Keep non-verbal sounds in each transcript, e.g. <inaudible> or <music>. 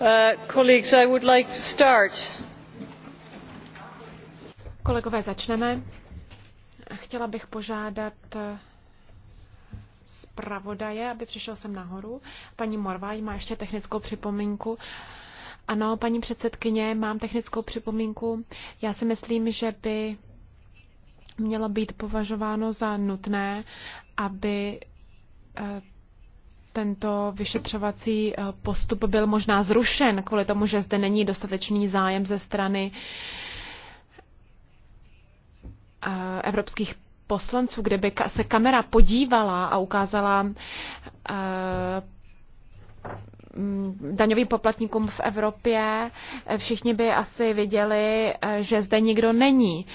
Uh, Kolegové, začneme. Chtěla bych požádat eh, zpravodaje, aby přišel sem nahoru. Paní Morvaj má ještě technickou připomínku. Ano, paní předsedkyně, mám technickou připomínku. Já si myslím, že by mělo být považováno za nutné, aby eh, tento vyšetřovací eh, postup byl možná zrušen kvůli tomu, že zde není dostatečný zájem ze strany eh, evropských poslanců, kde by se kamera podívala a ukázala eh, daňovým poplatníkům v Evropě, všichni by asi viděli, že zde nikdo není.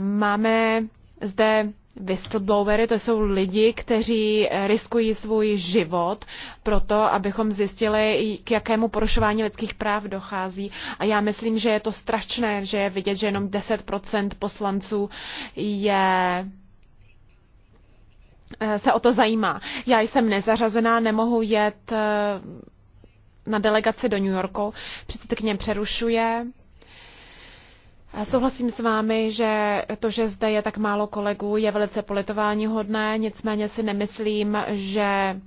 Máme zde Whistleblowery to jsou lidi, kteří eh, riskují svůj život proto abychom zjistili, k jakému porušování lidských práv dochází. A já myslím, že je to strašné, že je vidět, že jenom 10% poslanců je eh, se o to zajímá. Já jsem nezařazená, nemohu jet eh, na delegaci do New Yorku. Předsedkyně přerušuje. Souhlasím s vámi, že to, že zde je tak málo kolegů, je velice politování hodné, nicméně si nemyslím, že,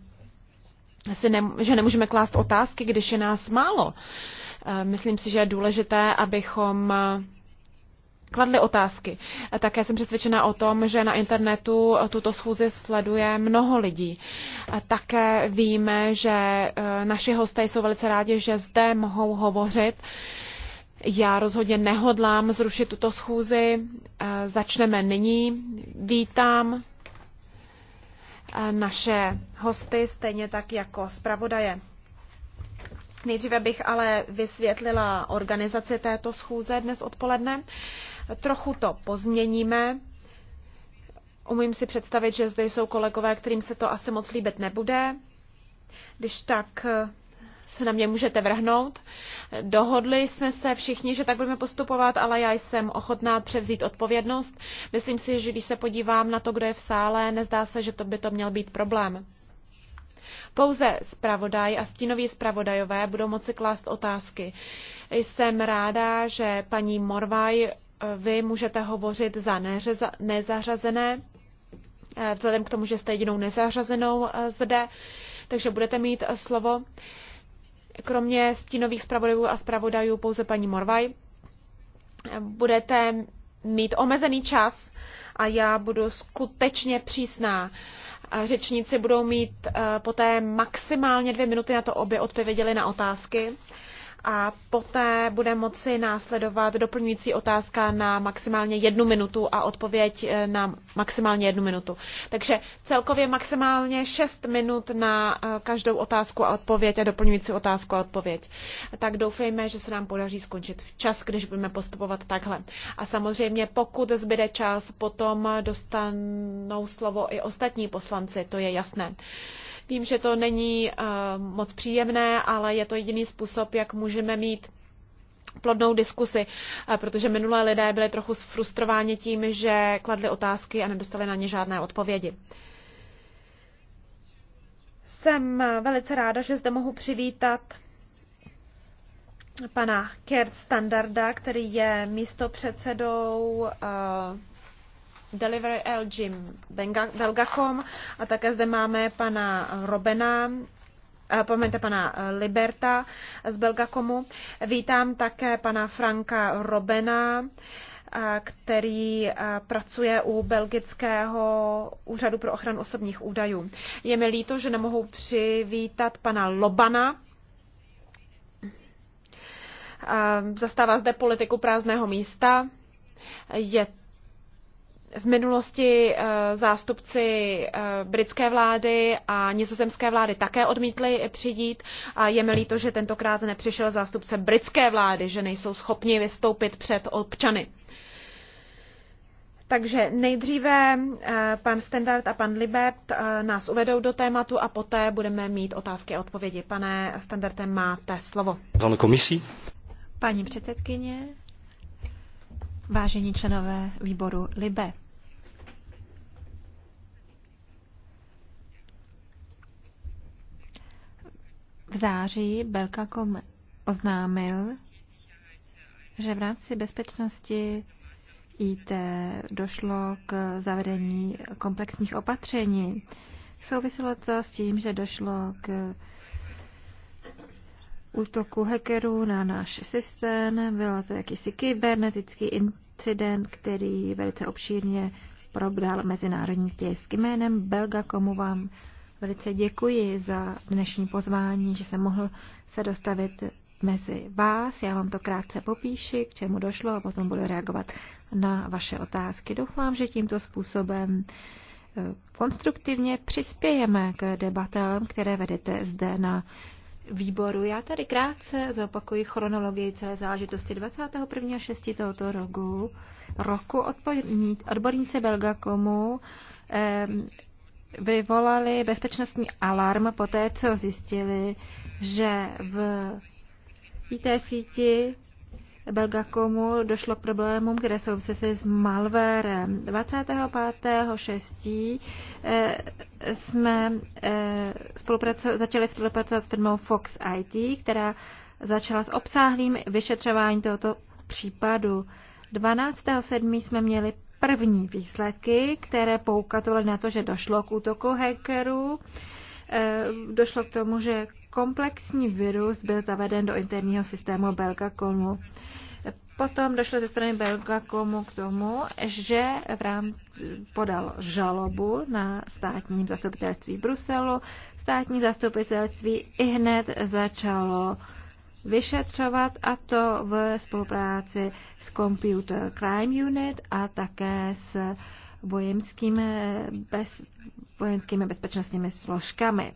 si ne, že nemůžeme klást otázky, když je nás málo. Eh, myslím si, že je důležité, abychom eh, kladli otázky. Také jsem přesvědčena o tom, že na internetu tuto schůzi sleduje mnoho lidí. Také víme, že eh, naši hosté jsou velice rádi, že zde mohou hovořit. Já rozhodně nehodlám zrušit tuto schůzi. Eh, začneme nyní. Vítám eh, naše hosty, stejně tak jako zpravodaje. Nejdříve bych ale vysvětlila organizaci této schůze dnes odpoledne. Trochu to pozměníme. Umím si představit, že zde jsou kolegové, kterým se to asi moc líbit nebude. Když tak eh, se na mě můžete vrhnout. Dohodli jsme se všichni, že tak budeme postupovat, ale já jsem ochotná převzít odpovědnost. Myslím si, že když se podívám na to, kdo je v sále, nezdá se, že to by to měl být problém. Pouze zpravodaj a stínoví zpravodajové budou moci klást otázky. Jsem ráda, že paní Morvaj, vy můžete hovořit za nezařazené, vzhledem k tomu, že jste jedinou nezařazenou eh, zde, takže budete mít eh, slovo kromě stínových zpravodajů a zpravodajů pouze paní Morvaj. Budete mít omezený čas a já budu skutečně přísná. Řečníci budou mít eh, poté maximálně dvě minuty na to, aby odpověděli na otázky a poté bude moci následovat doplňující otázka na maximálně jednu minutu a odpověď eh, na maximálně jednu minutu. Takže celkově maximálně šest minut na eh, každou otázku a odpověď a doplňující otázku a odpověď. Tak doufejme, že se nám podaří skončit včas, když budeme postupovat takhle. A samozřejmě, pokud zbyde čas, potom dostanou slovo i ostatní poslanci, to je jasné. Vím, že to není eh, moc příjemné, ale je to jediný způsob, jak můžeme mít plodnou diskusi, eh, protože minulé lidé byli trochu frustrováni tím, že kladli otázky a nedostali na ně žádné odpovědi. Jsem eh, velice ráda, že zde mohu přivítat pana Kert Standarda, který je místo předsedou Delivery L. Jim Belgacom a také zde máme pana Robena, Promiňte pana Liberta z Belgakomu. Vítám také pana Franka Robena, který pracuje u Belgického úřadu pro ochranu osobních údajů. Je mi líto, že nemohu přivítat pana Lobana, zastává zde politiku prázdného místa. Je v minulosti eh, zástupci eh, britské vlády a nizozemské vlády také odmítli přijít a je mi líto, že tentokrát nepřišel zástupce britské vlády, že nejsou schopni vystoupit před občany. Takže nejdříve eh, pan Standard a pan Libert nás uvedou do tématu a poté budeme mít otázky a odpovědi. Pane Standarde, máte slovo. Pane komisí. Paní předsedkyně, vážení členové výboru Libe. září Belkakom oznámil, že v rámci bezpečnosti IT došlo k zavedení komplexních opatření. Souviselo to s tím, že došlo k útoku hackerů na náš systém. Byl to jakýsi kybernetický incident, který velice obšírně probral mezinárodní tisk. Jménem Belga komu vám Velice děkuji za dnešní pozvání, že jsem mohl se dostavit mezi vás. Já vám to krátce popíši, k čemu došlo a potom budu reagovat na vaše otázky. Doufám, že tímto způsobem eh, konstruktivně přispějeme k debatám, které vedete zde na výboru. Já tady krátce zopakuji chronologii celé záležitosti 21.6. tohoto roku. Roku odborníci Belgakomu eh, vyvolali bezpečnostní alarm po té, co zjistili, že v IT síti Belgakomu došlo k problémům, které souvisí s malvérem. 25.6. Eh, jsme eh, začali spolupracovat s firmou Fox IT, která začala s obsáhlým vyšetřováním tohoto případu. 12.7. jsme měli první výsledky, které poukazovaly na to, že došlo k útoku hackerů. Eh, došlo k tomu, že komplexní virus byl zaveden do interního systému Belgacomu. Potom došlo ze strany Belgacomu k tomu, že v rám podal žalobu na státním zastupitelství Bruselu. Státní zastupitelství i hned začalo vyšetřovat a to v spolupráci s Computer Crime Unit a také s vojenskými, bez, vojenskými bezpečnostními složkami.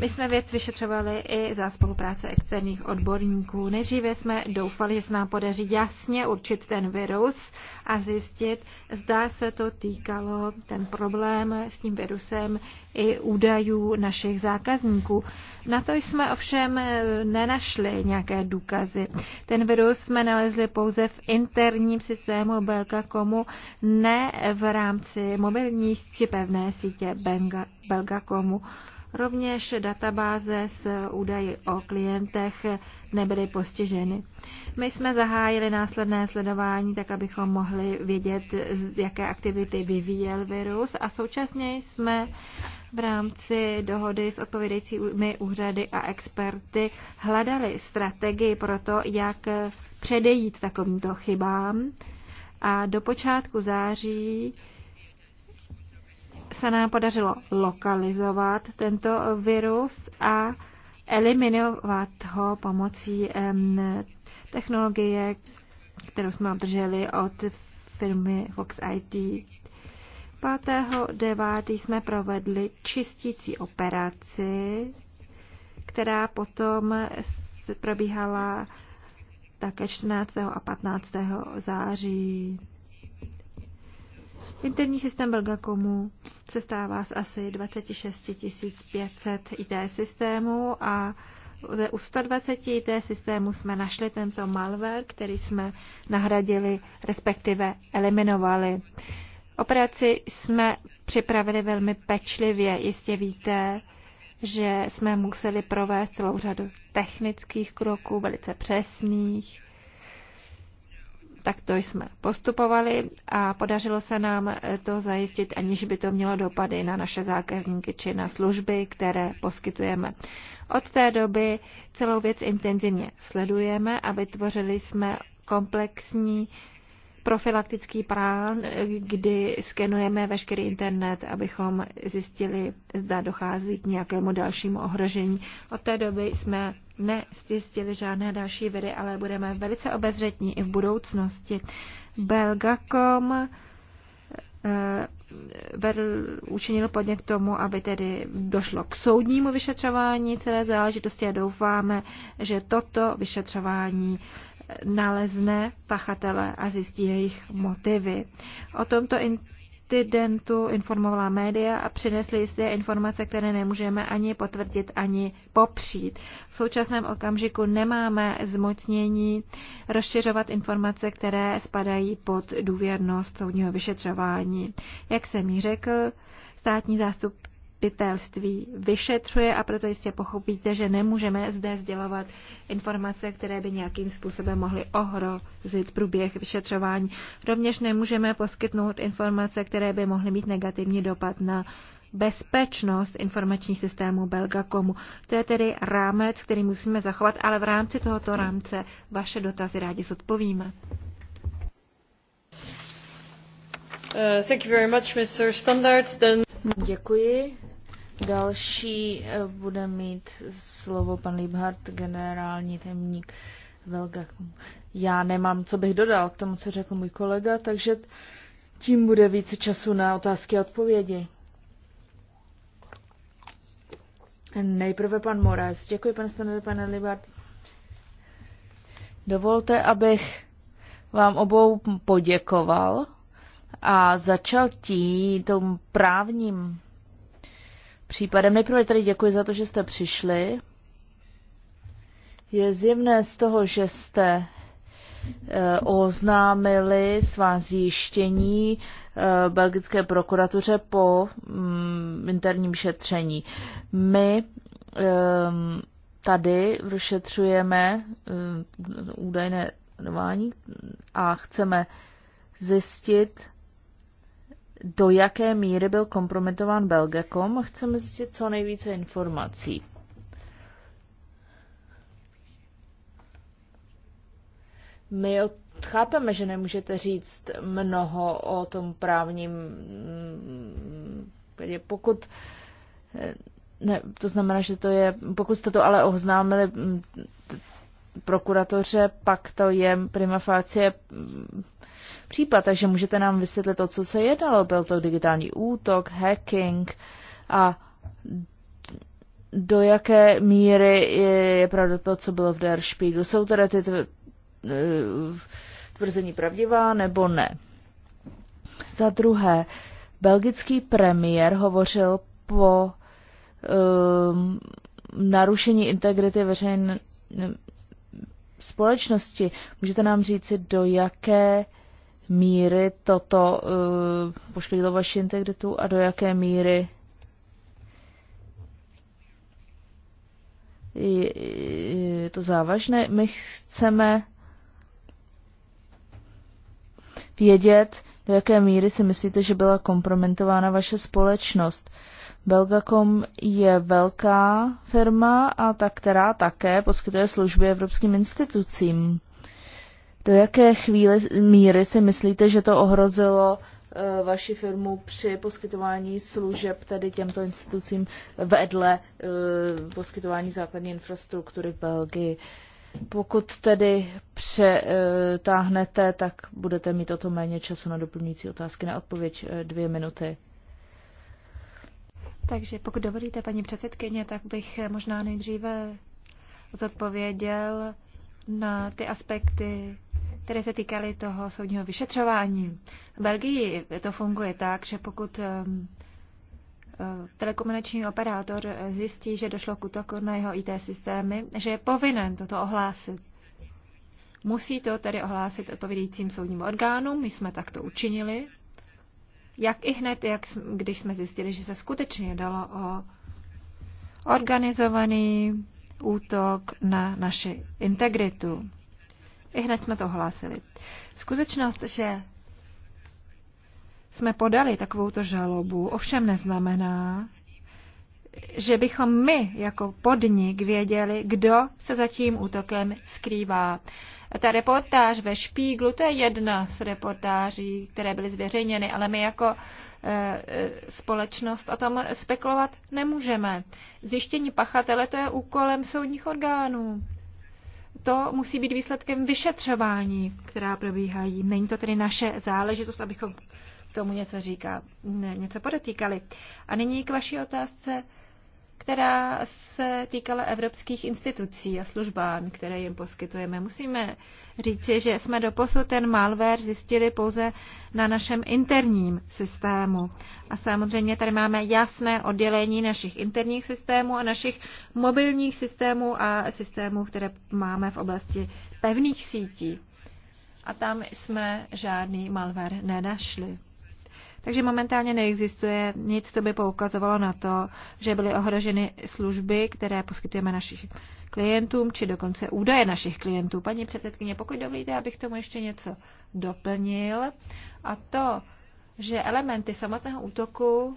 My jsme věc vyšetřovali i za spolupráce externích odborníků. Nejdříve jsme doufali, že se nám podaří jasně určit ten virus a zjistit, zda se to týkalo, ten problém s tím virusem, i údajů našich zákazníků. Na to jsme ovšem eh, nenašli nějaké důkazy. Ten virus jsme nalezli pouze v interním systému Belgacomu, ne v rámci mobilní či pevné sítě Belgacomu. Rovněž databáze s údaji o klientech nebyly postiženy. My jsme zahájili následné sledování, tak abychom mohli vědět, z jaké aktivity vyvíjel virus a současně jsme v rámci dohody s odpovědejícími úřady a experty hledali strategii pro to, jak předejít takovýmto chybám. A do počátku září se nám podařilo lokalizovat tento virus a eliminovat ho pomocí technologie, kterou jsme obdrželi od firmy Fox IT. 5.9. jsme provedli čistící operaci, která potom probíhala také 14. a 15. září. Interní systém Belgakomu se stává z asi 26 500 IT systémů a ze u 120 IT systémů jsme našli tento malware, který jsme nahradili, respektive eliminovali. Operaci jsme připravili velmi pečlivě. Jistě víte, že jsme museli provést celou řadu technických kroků, velice přesných, Takto jsme postupovali a podařilo se nám to zajistit, aniž by to mělo dopady na naše zákazníky či na služby, které poskytujeme. Od té doby celou věc intenzivně sledujeme a vytvořili jsme komplexní profilaktický plán, kdy skenujeme veškerý internet, abychom zjistili, zda dochází k nějakému dalšímu ohrožení. Od té doby jsme nestěstili žádné další viry, ale budeme velice obezřetní i v budoucnosti. Belgacom eh, vedl, učinil podnět k tomu, aby tedy došlo k soudnímu vyšetřování celé záležitosti a doufáme, že toto vyšetřování eh, nalezne pachatele a zjistí jejich motivy. O tomto in- incidentu informovala média a přinesly jisté informace, které nemůžeme ani potvrdit, ani popřít. V současném okamžiku nemáme zmocnění rozšiřovat informace, které spadají pod důvěrnost soudního vyšetřování. Jak jsem ji řekl, státní zástup zastupitelství vyšetřuje a proto jistě pochopíte, že nemůžeme zde sdělovat informace, které by nějakým způsobem mohly ohrozit průběh vyšetřování. Rovněž nemůžeme poskytnout informace, které by mohly mít negativní dopad na bezpečnost informačních systémů Belgakomu. To je tedy rámec, který musíme zachovat, ale v rámci tohoto rámce vaše dotazy rádi zodpovíme. Uh, Děkuji. Další eh, bude mít slovo pan Liebhardt, generální tajemník Velga. Já nemám, co bych dodal k tomu, co řekl můj kolega, takže tím bude více času na otázky a odpovědi. Nejprve pan Moraes. Děkuji, pan Stanley, pane Libard. Dovolte, abych vám obou poděkoval a začal tím právním případem. Nejprve tady děkuji za to, že jste přišli. Je zjevné z toho, že jste eh, oznámili svá zjištění eh, belgické prokuratuře po mm, interním šetření. My ehm, tady vyšetřujeme eh, údajné a chceme zjistit, do jaké míry byl kompromitován Belgacom. Chceme zjistit co nejvíce informací. My chápeme, že nemůžete říct mnoho o tom právním. Mm, mm, pokud eh, ne, to znamená, že to je, pokud jste to ale oznámili mm, prokuratoře, pak to je prima facie případ, takže můžete nám vysvětlit to, co se jednalo. Byl to digitální útok, hacking a do jaké míry je, je pravda to, co bylo v Der Spiegel. Jsou teda ty eh, tvrzení pravdivá nebo ne? Za druhé, belgický premiér hovořil po um, narušení integrity veřejné společnosti. Můžete nám říci, do jaké míry toto uh, poškodilo vaši integritu a do jaké míry je, je to závažné. My chceme vědět, do jaké míry si myslíte, že byla kompromentována vaše společnost. Belgacom je velká firma a ta, která také poskytuje služby evropským institucím. Do jaké chvíle míry si myslíte, že to ohrozilo eh, vaši firmu při poskytování služeb tedy těmto institucím vedle eh, poskytování základní infrastruktury v Belgii? Pokud tedy přetáhnete, tak budete mít o to méně času na doplňující otázky. Na odpověď eh, dvě minuty. Takže pokud dovolíte, paní předsedkyně, tak bych možná nejdříve zodpověděl na ty aspekty které se týkaly toho soudního vyšetřování. V Belgii to funguje tak, že pokud um, eh, telekomunikační operátor zjistí, že došlo k útoku na jeho IT systémy, že je povinen toto ohlásit. Musí to tedy ohlásit odpovědícím soudním orgánům, my jsme takto učinili, jak i hned, jak, když jsme zjistili, že se skutečně dalo o organizovaný útok na naši integritu. I hned jsme to ohlásili. Skutečnost, že jsme podali takovouto žalobu, ovšem neznamená, že bychom my jako podnik věděli, kdo se za tím útokem skrývá. Ta reportáž ve Špíglu, to je jedna z reportáží, které byly zveřejněny, ale my jako e, e společnost o tom spekulovat nemůžeme. Zjištění pachatele to je úkolem soudních orgánů to musí být výsledkem vyšetřování, která probíhají. Není to tedy naše záležitost, abychom tomu něco říká, ne, něco podotýkali. A nyní k vaší otázce která se týkala evropských institucí a službám, které jim poskytujeme. Musíme říci, že jsme doposud ten malware zjistili pouze na našem interním systému. A samozřejmě tady máme jasné oddělení našich interních systémů a našich mobilních systémů a systémů, které máme v oblasti pevných sítí. A tam jsme žádný malware nenašli. Takže momentálně neexistuje nic, co by poukazovalo na to, že byly ohroženy služby, které poskytujeme našich klientům, či dokonce údaje našich klientů. Paní předsedkyně, pokud dovolíte, abych tomu ještě něco doplnil, a to, že elementy samotného útoku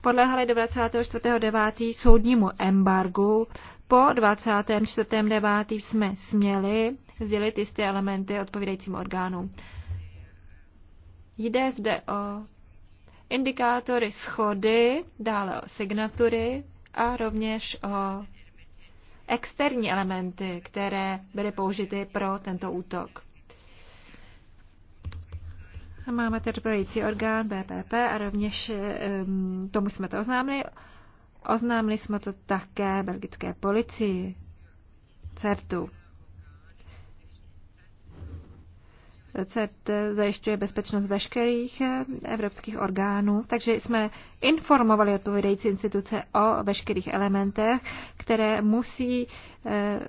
podléhaly 24.9. soudnímu embargu. Po 24.9. jsme směli sdělit jisté elementy odpovídajícím orgánům. Jde zde o indikátory schody, dále o signatury a rovněž o externí elementy, které byly použity pro tento útok. A máme terpelující orgán BPP a rovněž um, tomu jsme to oznámili. Oznámili jsme to také belgické policii, CERTu. CERT zajišťuje bezpečnost veškerých evropských orgánů, takže jsme informovali odpovědající instituce o veškerých elementech, které musí eh,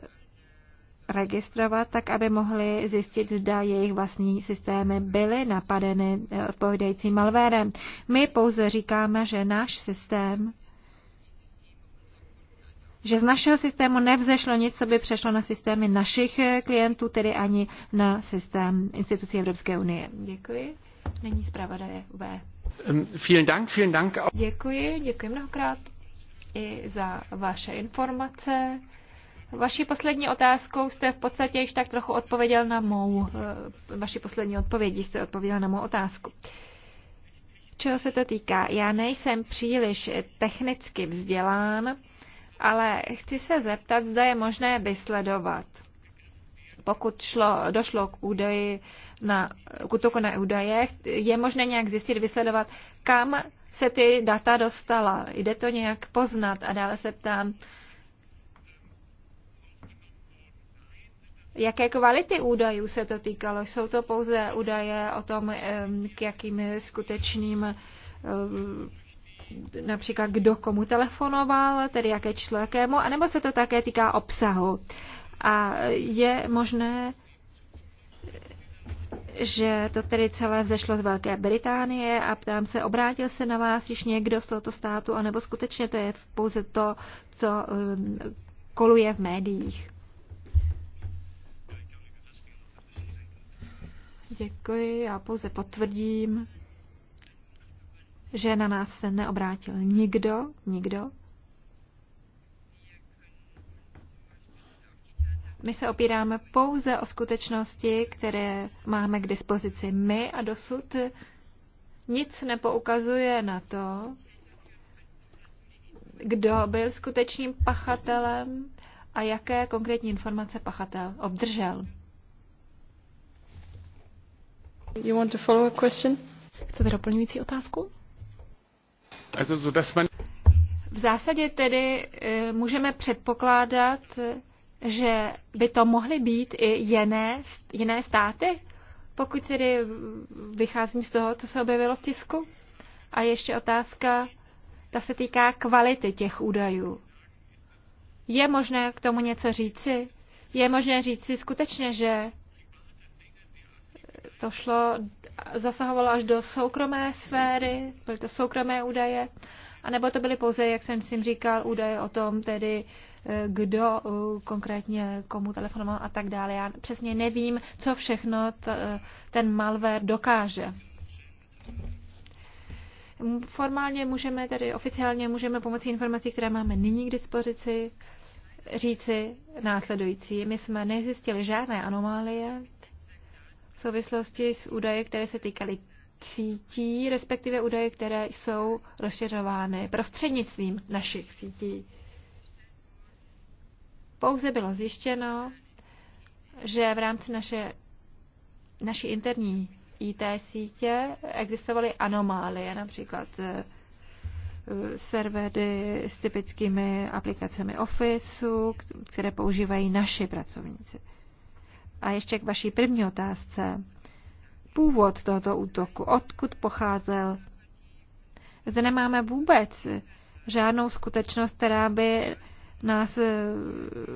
registrovat, tak aby mohli zjistit, zda jejich vlastní systémy byly napadeny eh, odpovídajícím malvérem. My pouze říkáme, že náš systém že z našeho systému nevzešlo nic, co by přešlo na systémy našich eh, klientů, tedy ani na systém institucí Evropské unie. Děkuji. Není zpravodaje V. Vielen Dank, vielen Dank. Děkuji, děkuji mnohokrát i za vaše informace. Vaší poslední otázkou jste v podstatě již tak trochu odpověděl na mou, eh, vaši poslední odpovědi jste odpověděl na mou otázku. Čeho se to týká? Já nejsem příliš technicky vzdělán, ale chci se zeptat, zda je možné vysledovat, pokud šlo, došlo k údaji na, k útoku na údaje, je možné nějak zjistit, vysledovat, kam se ty data dostala. Jde to nějak poznat a dále se ptám, Jaké kvality údajů se to týkalo? Jsou to pouze údaje o tom, k jakým skutečným například kdo komu telefonoval, tedy jaké číslo jakému, anebo se to také týká obsahu. A je možné, že to tedy celé vzešlo z Velké Británie a ptám se, obrátil se na vás již někdo z tohoto státu, anebo skutečně to je pouze to, co um, koluje v médiích. Děkuji, já pouze potvrdím že na nás se neobrátil nikdo, nikdo. My se opíráme pouze o skutečnosti, které máme k dispozici my a dosud nic nepoukazuje na to, kdo byl skutečným pachatelem a jaké konkrétní informace pachatel obdržel. You want to follow a question? Chcete doplňující otázku? V zásadě tedy eh, můžeme předpokládat, že by to mohly být i jiné, jiné státy, pokud tedy vycházím z toho, co se objevilo v tisku. A ještě otázka, ta se týká kvality těch údajů. Je možné k tomu něco říci? Je možné říci skutečně, že to šlo, zasahovalo až do soukromé sféry, byly to soukromé údaje, anebo to byly pouze, jak jsem si říkal, údaje o tom, tedy eh, kdo eh, konkrétně komu telefonoval a tak dále. Já přesně nevím, co všechno t, eh, ten malware dokáže. Formálně můžeme, tedy oficiálně můžeme pomocí informací, které máme nyní k dispozici, říci následující. My jsme nezjistili žádné anomálie, v souvislosti s údaje, které se týkaly sítí, respektive údaje, které jsou rozšiřovány prostřednictvím našich sítí. Pouze bylo zjištěno, že v rámci naše, naší interní IT sítě existovaly anomálie, například eh, servery s typickými aplikacemi Office, které používají naši pracovníci. A ještě k vaší první otázce. Původ tohoto útoku, odkud pocházel? Zde nemáme vůbec žádnou skutečnost, která by nás eh,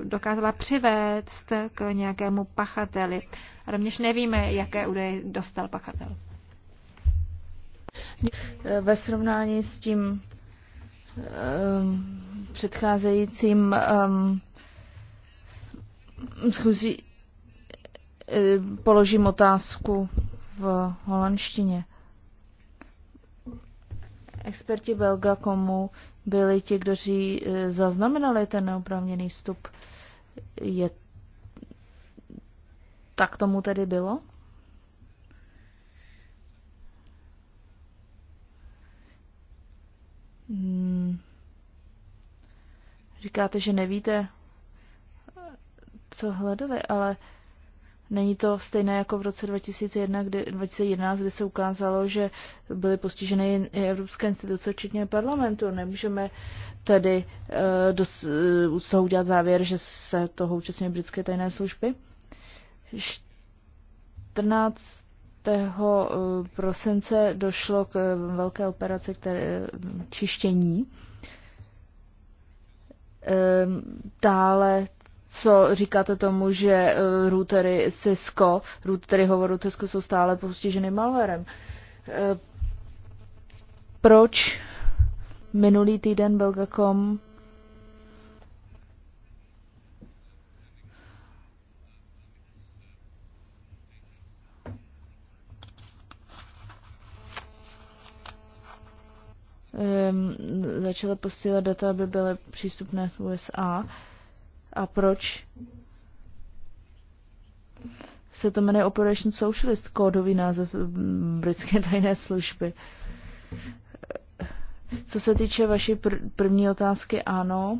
dokázala přivést k nějakému pachateli. A rovněž nevíme, jaké údaje dostal pachatel. Ve srovnání s tím um, předcházejícím um, schůzí Eh, položím otázku v holandštině. Experti Belga komu byli ti, kteří eh, zaznamenali ten neoprávněný vstup. Je tak tomu tedy bylo? Hmm. Říkáte, že nevíte, co hledali, ale Není to stejné jako v roce 2001, kdy, 2011, kdy se ukázalo, že byly postiženy i evropské instituce, včetně parlamentu. Nemůžeme tedy uh, dos, uh, z toho udělat závěr, že se toho účastní britské tajné služby. 14. Eh, prosince došlo k velké operaci které, čištění. Dále co říkáte tomu, že eh, routery Cisco, routery hovoru Cisco jsou stále postiženy malwarem. Eh, proč minulý týden Belgacom um, začala posílat data, aby byly přístupné v USA a proč se to jmenuje Operation Socialist, kódový název mm, britské tajné služby. Co se týče vaší pr- první otázky, ano,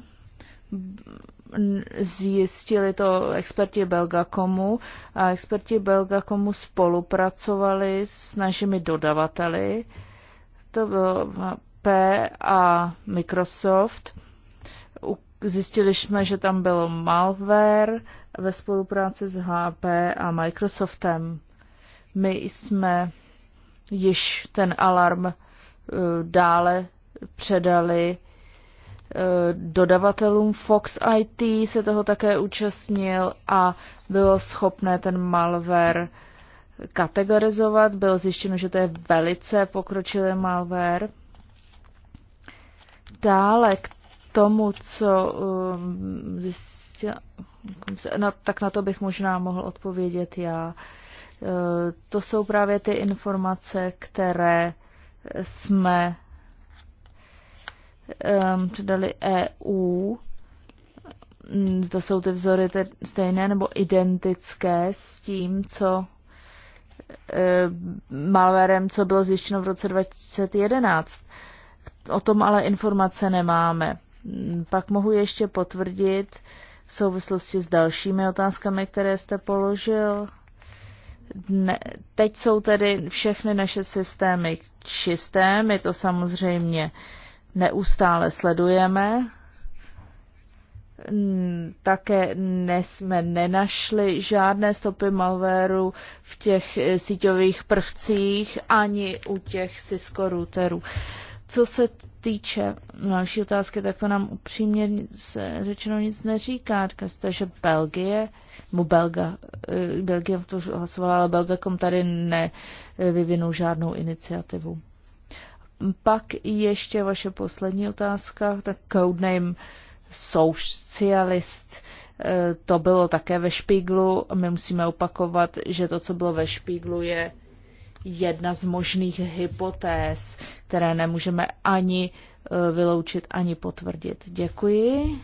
zjistili to experti Belgakomu a experti Belgakomu spolupracovali s našimi dodavateli, to bylo P a Microsoft, Zjistili jsme, že tam byl malware ve spolupráci s HP a Microsoftem. My jsme již ten alarm e, dále předali e, dodavatelům. Fox IT se toho také účastnil a bylo schopné ten malware kategorizovat. Bylo zjištěno, že to je velice pokročilý malware. Dále k tomu, co um, zjistila, no, tak na to bych možná mohl odpovědět já. Uh, to jsou právě ty informace, které jsme um, předali EU. Zda jsou ty vzory stejné nebo identické s tím, co eh, malverem, co bylo zjištěno v roce 2011. O tom ale informace nemáme. Pak mohu ještě potvrdit v souvislosti s dalšími otázkami, které jste položil. Ne, teď jsou tedy všechny naše systémy čisté, my to samozřejmě neustále sledujeme. Také jsme nenašli žádné stopy malwareu v těch e, síťových prvcích ani u těch Cisco routerů. Co se týče další otázky, tak to nám upřímně nic, řečeno nic neříká. Říká se že Belgie, mu Belga, eh, Belgie to hlasovala, ale Belgakom tady nevyvinou žádnou iniciativu. Pak ještě vaše poslední otázka, tak codename socialist. Eh, to bylo také ve Špíglu. My musíme opakovat, že to, co bylo ve Špíglu, je jedna z možných hypotéz, které nemůžeme ani eh, vyloučit, ani potvrdit. Děkuji.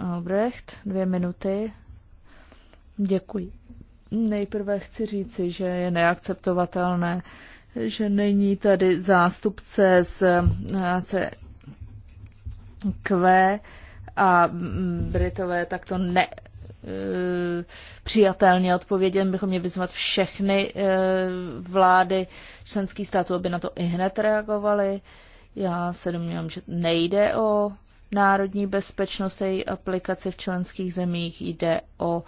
Albrecht, dvě minuty. Děkuji. Nejprve chci říci, že je neakceptovatelné, že není tady zástupce z ACQ eh, a mm, Britové takto ne, Eh, přijatelně odpovědět, bychom měli vyzvat všechny eh, vlády členských států, aby na to i hned reagovaly. Já se domnívám, že nejde o národní bezpečnost její aplikaci v členských zemích, jde o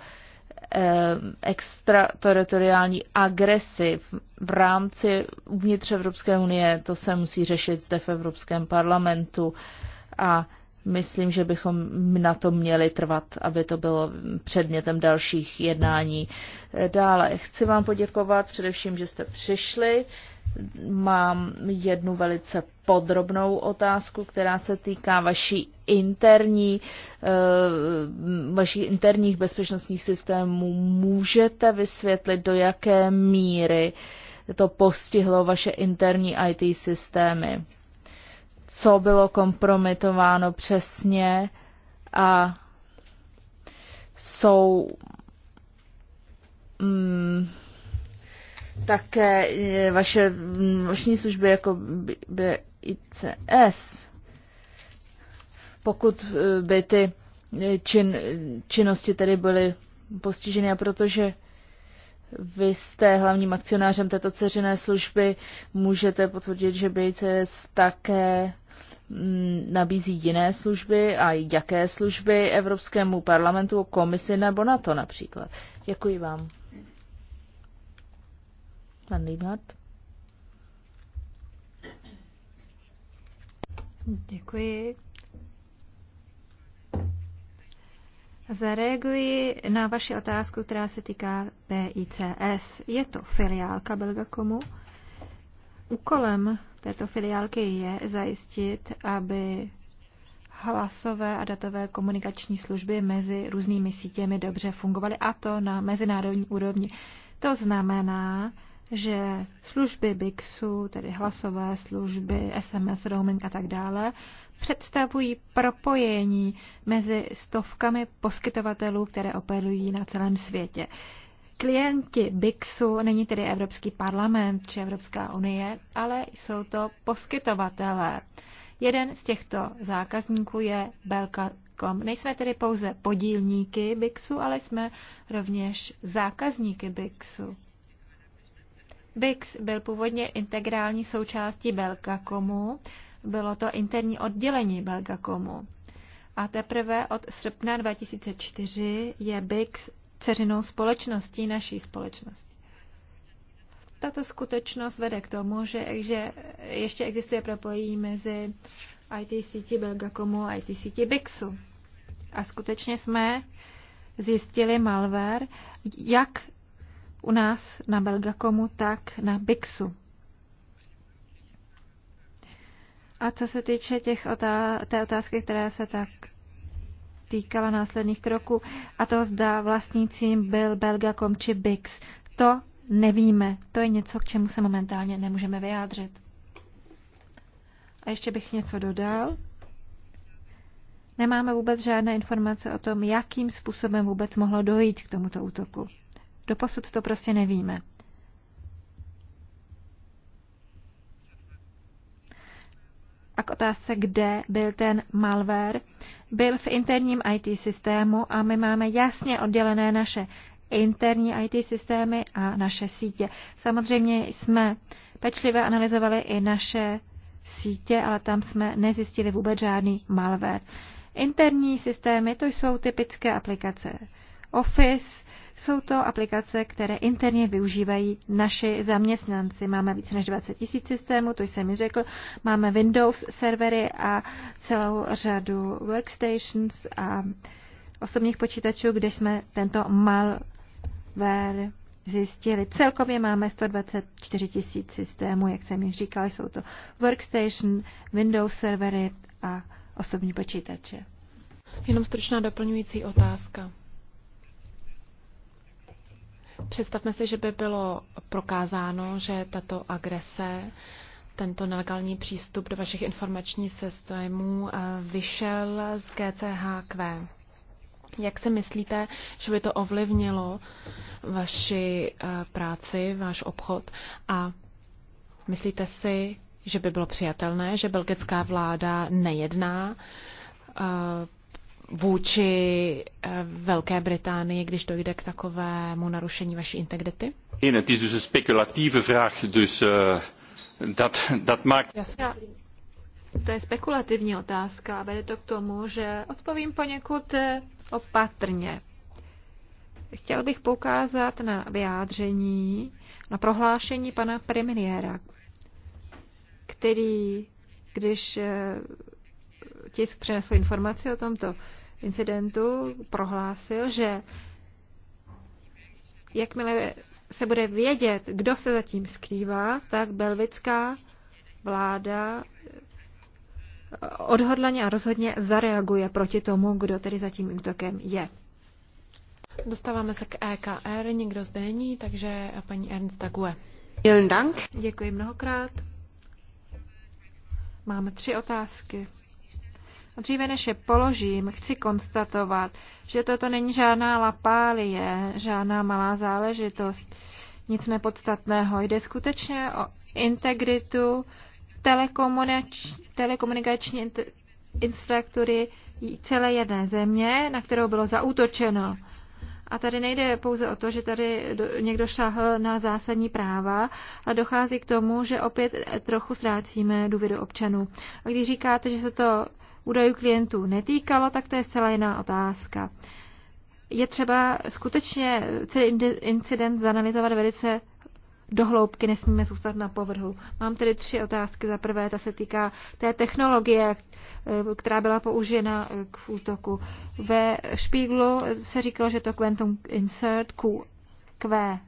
eh, extrateritoriální agresi v rámci uvnitř Evropské unie, to se musí řešit zde v Evropském parlamentu a Myslím, že bychom na to měli trvat, aby to bylo předmětem dalších jednání. Dále chci vám poděkovat především, že jste přišli. Mám jednu velice podrobnou otázku, která se týká vaší interní, eh, vašich interních bezpečnostních systémů. Můžete vysvětlit, do jaké míry to postihlo vaše interní IT systémy? co bylo kompromitováno přesně a jsou mm, také eh, vaše noční mm, služby jako BICS. Pokud eh, by ty eh, čin, činnosti tedy byly postiženy a protože vy jste hlavním akcionářem této ceřené služby. Můžete potvrdit, že BCS také mm, nabízí jiné služby a jaké služby Evropskému parlamentu, komisi nebo NATO například. Děkuji vám. Pan Liebhardt. Děkuji. Zareaguji na vaši otázku, která se týká PICS. Je to filiálka Belgakomu. Úkolem této filiálky je zajistit, aby hlasové a datové komunikační služby mezi různými sítěmi dobře fungovaly, a to na mezinárodní úrovni. To znamená, že služby BIXu, tedy hlasové služby, SMS, roaming a tak dále, představují propojení mezi stovkami poskytovatelů, které operují na celém světě. Klienti BIXu není tedy Evropský parlament či Evropská unie, ale jsou to poskytovatelé. Jeden z těchto zákazníků je Belka Nejsme tedy pouze podílníky Bixu, ale jsme rovněž zákazníky Bixu. BIX byl původně integrální součástí Belgacomu, bylo to interní oddělení Belgacomu. A teprve od srpna 2004 je BIX ceřinou společností naší společnosti. Tato skutečnost vede k tomu, že, že ještě existuje propojení mezi IT sítí Belgacomu a IT sítí BIXu. A skutečně jsme zjistili malware, jak u nás na Belgakomu, tak na Bixu. A co se týče těch otá- té otázky, která se tak týkala následných kroků, a to zda vlastnícím byl Belgacom či Bix, to nevíme. To je něco, k čemu se momentálně nemůžeme vyjádřit. A ještě bych něco dodal. Nemáme vůbec žádné informace o tom, jakým způsobem vůbec mohlo dojít k tomuto útoku. Doposud to prostě nevíme. A k otázce, kde byl ten malware, byl v interním IT systému a my máme jasně oddělené naše interní IT systémy a naše sítě. Samozřejmě jsme pečlivě analyzovali i naše sítě, ale tam jsme nezjistili vůbec žádný malware. Interní systémy to jsou typické aplikace Office, jsou to aplikace, které interně využívají naši zaměstnanci. Máme více než 20 tisíc systémů, to jsem mi řekl. Máme Windows servery a celou řadu workstations a osobních počítačů, kde jsme tento malware zjistili. Celkově máme 124 tisíc systémů, jak jsem již říkal, jsou to workstation, Windows servery a osobní počítače. Jenom stručná doplňující otázka. Představme si, že by bylo prokázáno, že tato agrese, tento nelegální přístup do vašich informačních systémů eh, vyšel z GCHQ. Jak si myslíte, že by to ovlivnilo vaši eh, práci, váš obchod a myslíte si, že by bylo přijatelné, že belgická vláda nejedná eh, vůči eh, Velké Británii, když dojde k takovému narušení vaší integrity? Ne, vraag, dus eh, dat, dat maakt... Já, to je spekulativní otázka a vede to k tomu, že odpovím poněkud eh, opatrně. Chtěl bych poukázat na vyjádření, na prohlášení pana premiéra, který, když tisk přinesl informaci o tomto incidentu, prohlásil, že jakmile se bude vědět, kdo se zatím skrývá, tak belvická vláda odhodlaně a rozhodně zareaguje proti tomu, kdo tedy za tím útokem je. Dostáváme se k EKR, nikdo zde není, takže paní Ernst Tague. Dank. Děkuji mnohokrát. Máme tři otázky dříve než je položím, chci konstatovat, že toto není žádná lapálie, žádná malá záležitost, nic nepodstatného. Jde skutečně o integritu telekomunikač, telekomunikační infrastruktury celé jedné země, na kterou bylo zaútočeno. A tady nejde pouze o to, že tady někdo šahl na zásadní práva, a dochází k tomu, že opět trochu ztrácíme důvěru občanů. A když říkáte, že se to údajů klientů netýkalo, tak to je zcela jiná otázka. Je třeba skutečně celý incident zanalizovat velice dohloubky, nesmíme zůstat na povrhu. Mám tedy tři otázky. Za prvé, ta se týká té technologie, eh, která byla použena eh, k útoku. Ve Špíglu se říkalo, že to Quantum Insert Q. Q.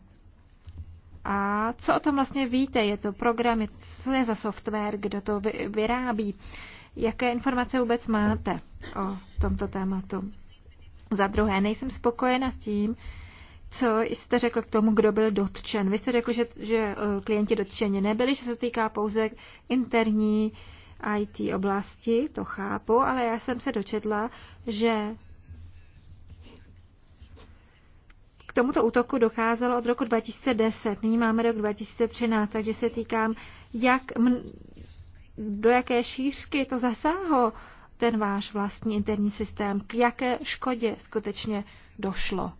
A co o tom vlastně víte? Je to program, co je za software, kdo to vyrábí? jaké informace vůbec máte o tomto tématu. Za druhé, nejsem spokojena s tím, co jste řekl k tomu, kdo byl dotčen. Vy jste řekl, že, že eh, klienti dotčeni nebyli, že se týká pouze interní IT oblasti, to chápu, ale já jsem se dočetla, že k tomuto útoku docházelo od roku 2010, nyní máme rok 2013, takže se týkám, jak do jaké šířky to zasáhlo ten váš vlastní interní systém, k jaké škodě skutečně došlo.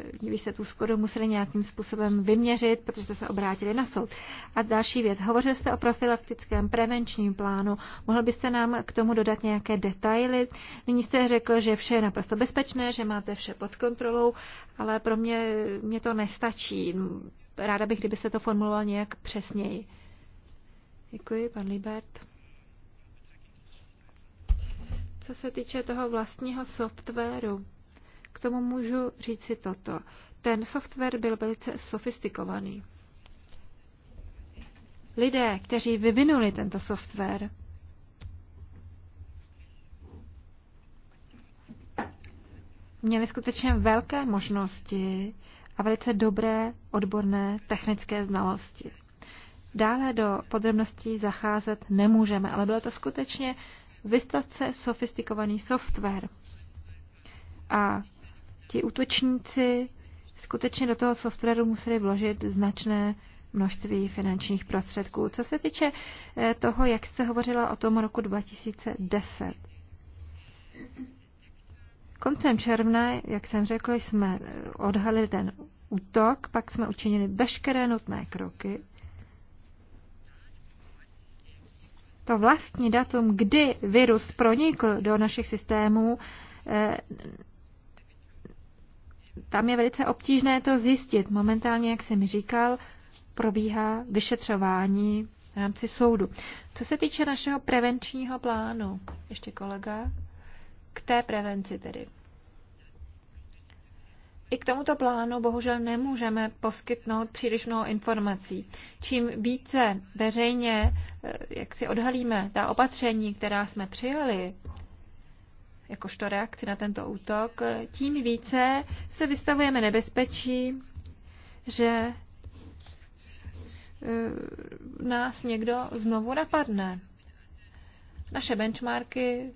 Eh, vy jste tu škodu museli nějakým způsobem vyměřit, protože jste se obrátili na soud. A další věc. Hovořil jste o profilaktickém prevenčním plánu. Mohl byste nám k tomu dodat nějaké detaily? Nyní jste řekl, že vše je naprosto bezpečné, že máte vše pod kontrolou, ale pro mě, mě to nestačí. Ráda bych, kdyby se to formuloval nějak přesněji. Děkuji, pan Libert. Co se týče toho vlastního softwaru, k tomu můžu říct si toto. Ten software byl velice sofistikovaný. Lidé, kteří vyvinuli tento software, měli skutečně velké možnosti a velice dobré odborné technické znalosti. Dále do podrobností zacházet nemůžeme, ale bylo to skutečně vysoce sofistikovaný software. A ti útočníci skutečně do toho softwaru museli vložit značné množství finančních prostředků. Co se týče eh, toho, jak se hovořila o tom roku 2010. Koncem června, jak jsem řekl, jsme eh, odhalili ten útok, pak jsme učinili veškeré nutné kroky to vlastní datum, kdy virus pronikl do našich systémů, eh, tam je velice obtížné to zjistit. Momentálně, jak jsem říkal, probíhá vyšetřování v rámci soudu. Co se týče našeho prevenčního plánu, ještě kolega, k té prevenci tedy. I k tomuto plánu bohužel nemůžeme poskytnout příliš mnoho informací. Čím více veřejně, eh, jak si odhalíme ta opatření, která jsme přijali, jakožto reakci na tento útok, eh, tím více se vystavujeme nebezpečí, že eh, nás někdo znovu napadne. Naše benchmarky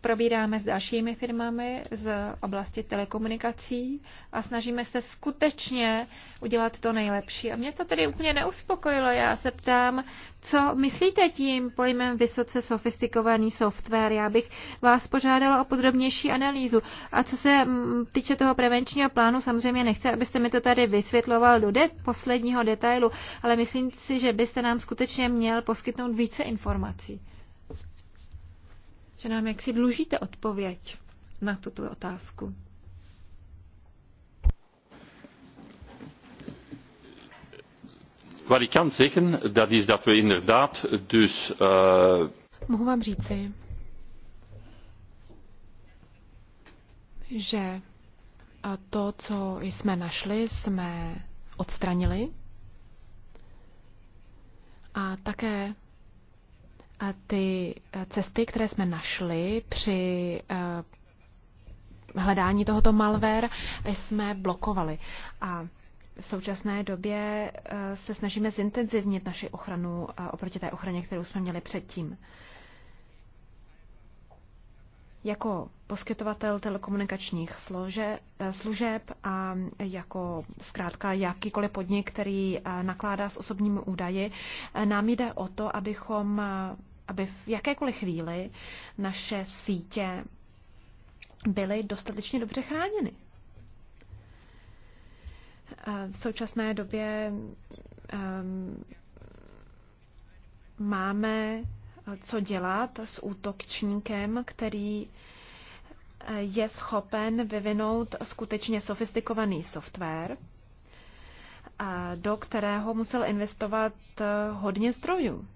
probíráme s dalšími firmami z oblasti telekomunikací a snažíme se skutečně udělat to nejlepší. A mě to tedy úplně neuspokojilo. Já se ptám, co myslíte tím pojmem vysoce sofistikovaný software? Já bych vás požádala o podrobnější analýzu. A co se mm, týče toho prevenčního plánu, samozřejmě nechci, abyste mi to tady vysvětloval do de- posledního detailu, ale myslím si, že byste nám skutečně měl poskytnout více informací že nám jaksi dlužíte odpověď na tuto otázku. Wat ik kan zeggen, dat is dat we inderdaad dus... Uh... Mohu vám říci, že eh, to, co jsme našli, jsme odstranili a také ty eh, cesty, které jsme našli při eh, hledání tohoto malware, jsme blokovali. A v současné době eh, se snažíme zintenzivnit naši ochranu oproti té ochraně, kterou jsme měli předtím. Jako poskytovatel telekomunikačních služeb a jako zkrátka jakýkoliv podnik, který nakládá s osobními údaji, nám jde o to, abychom aby v jakékoliv chvíli naše sítě byly dostatečně dobře chráněny. Eh, v současné době um, máme eh, co dělat s útokčníkem, který eh, je schopen vyvinout skutečně sofistikovaný software, do kterého musel investovat hodně strojů.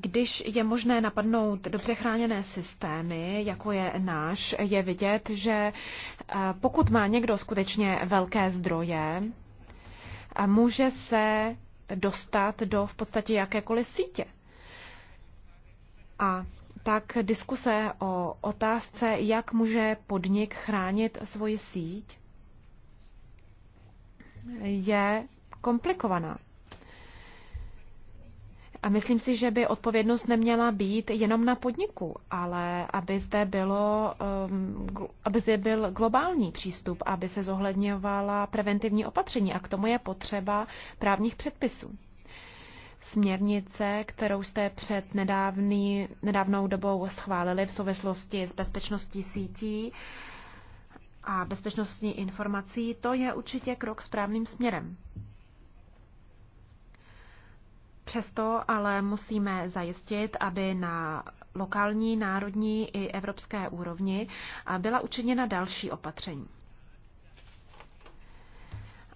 Když je možné napadnout dobře chráněné systémy, jako je náš, je vidět, že eh, pokud má někdo skutečně velké zdroje, může se dostat do v podstatě jakékoliv sítě. A tak diskuse o otázce, jak může podnik chránit svoji síť, je komplikovaná. A myslím si, že by odpovědnost neměla být jenom na podniku, ale aby zde, bylo, um, aby zde byl globální přístup, aby se zohledňovala preventivní opatření a k tomu je potřeba právních předpisů. Směrnice, kterou jste před nedávný, nedávnou dobou schválili v souvislosti s bezpečností sítí a bezpečnostní informací, to je určitě krok správným směrem. Přesto ale musíme zajistit, aby na lokální, národní i evropské úrovni byla učiněna další opatření.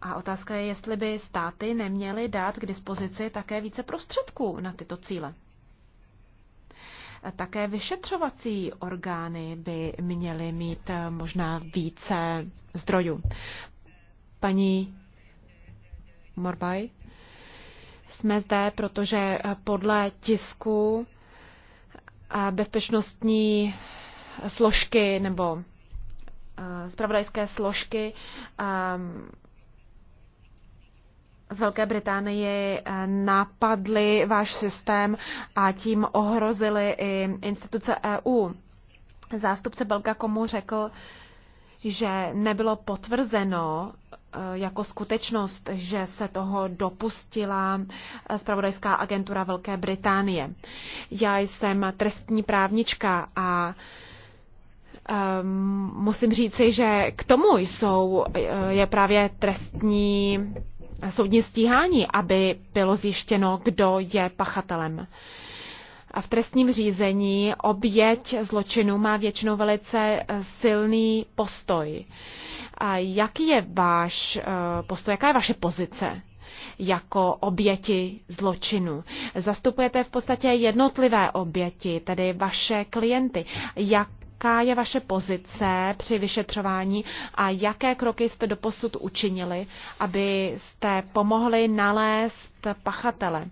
A otázka je, jestli by státy neměly dát k dispozici také více prostředků na tyto cíle. Také vyšetřovací orgány by měly mít eh, možná více zdrojů. Paní Morbaj? jsme zde, protože eh, podle tisku eh, bezpečnostní složky nebo eh, zpravodajské složky z Velké Británie napadly váš systém a tím ohrozili i instituce EU. Zástupce Belgakomu řekl, že nebylo potvrzeno, Eh, jako skutečnost, že se toho dopustila spravodajská eh, agentura Velké Británie. Já jsem trestní právnička a um, musím říci, že k tomu jsou, je právě trestní soudní stíhání, aby bylo zjištěno, kdo je pachatelem. Uh, a v trestním řízení oběť zločinu má většinou velice eh, silný postoj. A jaký je váš eh, postoj, jaká je vaše pozice jako oběti zločinu? Zastupujete v podstatě jednotlivé oběti, tedy vaše klienty. jaká je vaše pozice při vyšetřování a jaké kroky jste doposud učinili, abyste pomohli nalézt pachatele.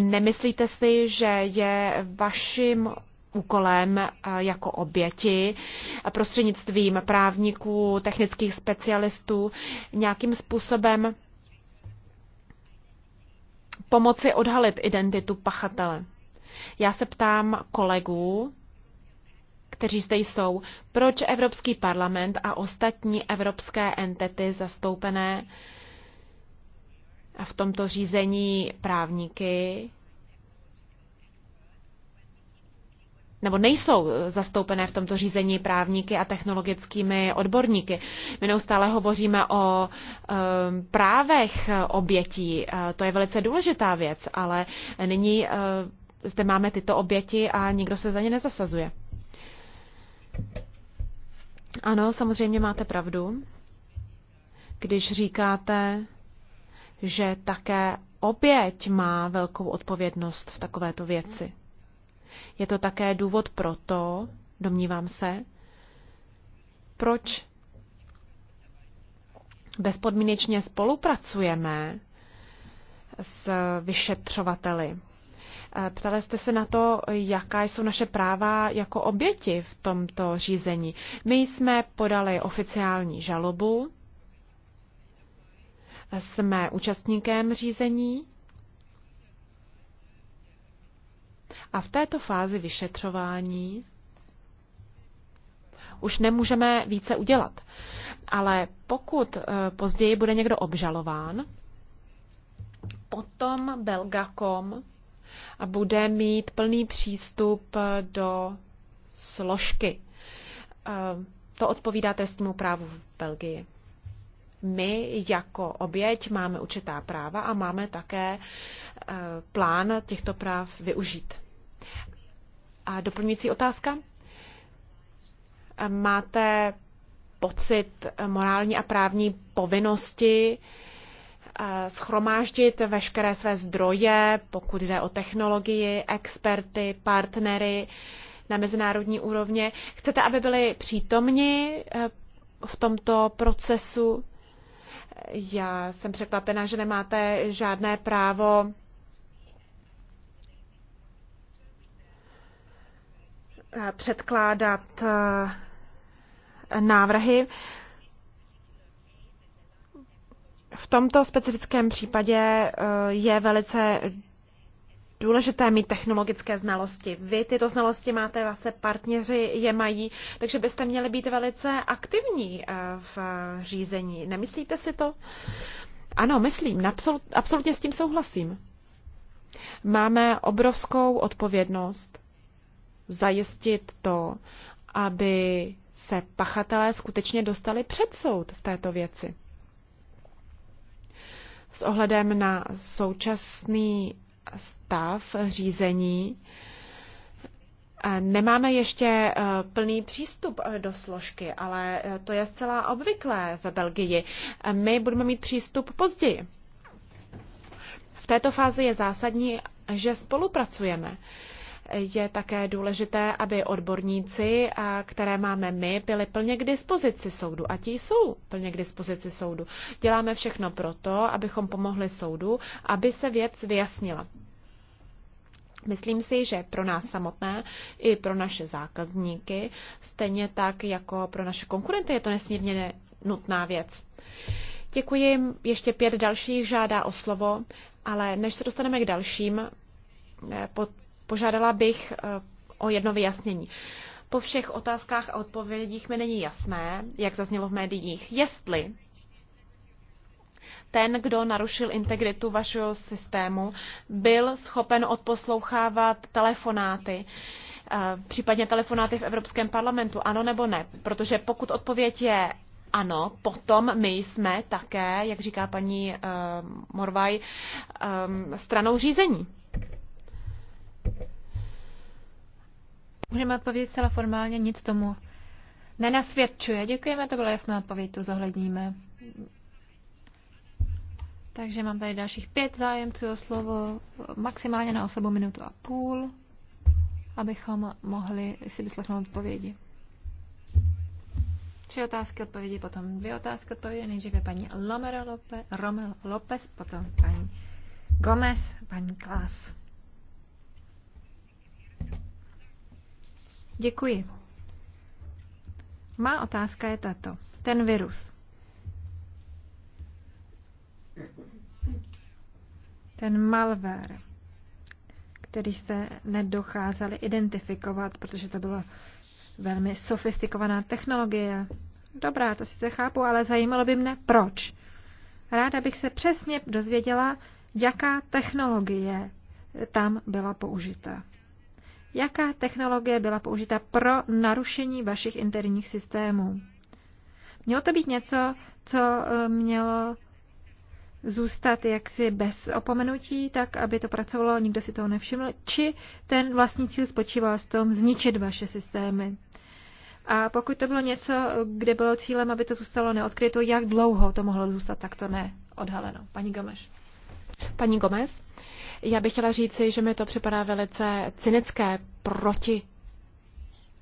Nemyslíte si, že je vaším úkolem eh, jako oběti eh, prostřednictvím právníků, technických specialistů nějakým způsobem pomoci odhalit identitu pachatele. Já se ptám kolegů, kteří zde jsou, proč Evropský parlament a ostatní evropské entity zastoupené uh, v tomto řízení právníky, nebo nejsou zastoupené v tomto řízení právníky a technologickými odborníky. My neustále hovoříme o ehm, právech obětí, e, to je velice důležitá věc, ale nyní e, zde máme tyto oběti a nikdo se za ně nezasazuje. Ano, samozřejmě máte pravdu, když říkáte, že také oběť má velkou odpovědnost v takovéto věci. Je to také důvod pro to, domnívám se, proč bezpodmínečně spolupracujeme s vyšetřovateli. Ptali jste se na to, jaká jsou naše práva jako oběti v tomto řízení. My jsme podali oficiální žalobu jsme účastníkem řízení a v této fázi vyšetřování už nemůžeme více udělat. Ale pokud eh, později bude někdo obžalován, potom Belgacom bude mít plný přístup eh, do složky. Eh, to odpovídá testnímu právu v Belgii my jako oběť máme určitá práva a máme také eh, plán těchto práv využít. A doplňující otázka? Máte pocit morální a právní povinnosti eh, schromáždit veškeré své zdroje, pokud jde o technologii, experty, partnery na mezinárodní úrovně. Chcete, aby byli přítomni eh, v tomto procesu? Já jsem překvapena, že nemáte žádné právo předkládat eh, návrhy. V tomto specifickém případě eh, je velice důležité mít technologické znalosti. Vy tyto znalosti máte, vaše partneři je mají, takže byste měli být velice aktivní eh, v eh, řízení. Nemyslíte si to? Ano, myslím, absolut, absolutně s tím souhlasím. Máme obrovskou odpovědnost zajistit to, aby se pachatelé skutečně dostali před soud v této věci. S ohledem na současný stav řízení. Nemáme ještě eh, plný přístup eh, do složky, ale eh, to je zcela obvyklé ve Belgii. My budeme mít přístup později. V této fázi je zásadní, že spolupracujeme je také důležité, aby odborníci, které máme my, byli plně k dispozici soudu. A ti jsou plně k dispozici soudu. Děláme všechno proto, abychom pomohli soudu, aby se věc vyjasnila. Myslím si, že pro nás samotné i pro naše zákazníky, stejně tak jako pro naše konkurenty, je to nesmírně nutná věc. Děkuji. Ještě pět dalších žádá o slovo, ale než se dostaneme k dalším, eh, požádala bych eh, o jedno vyjasnění. Po všech otázkách a odpovědích mi není jasné, jak zaznělo v médiích, jestli ten, kdo narušil integritu vašeho systému, byl schopen odposlouchávat telefonáty, eh, případně telefonáty v Evropském parlamentu, ano nebo ne? Protože pokud odpověď je ano, potom my jsme také, jak říká paní eh, Morvaj, stranou řízení. Můžeme odpovědět celá formálně, nic tomu nenasvědčuje. Děkujeme, to byla jasná odpověď, to zohledníme. Takže mám tady dalších pět zájemců o slovo, maximálně na osobu minutu a půl, abychom mohli si vyslechnout odpovědi. Tři otázky odpovědi, potom dvě otázky odpovědi, nejdříve paní Lomero Lope, Romel Lopez, potom paní Gomez, paní Klas. Děkuji. Má otázka je tato. Ten virus. Ten malware, který jste nedocházeli identifikovat, protože to byla velmi sofistikovaná technologie. Dobrá, to sice chápu, ale zajímalo by mne, proč. Ráda bych se přesně dozvěděla, jaká technologie tam byla použita jaká technologie byla použita pro narušení vašich interních systémů. Mělo to být něco, co e, mělo zůstat jaksi bez opomenutí, tak aby to pracovalo, nikdo si toho nevšiml, či ten vlastní cíl spočíval v tom zničit vaše systémy. A pokud to bylo něco, kde bylo cílem, aby to zůstalo neodkryto, jak dlouho to mohlo zůstat takto neodhaleno? Paní Gomeš. Paní Gomez, já bych chtěla říci, že mi to připadá velice cynické proti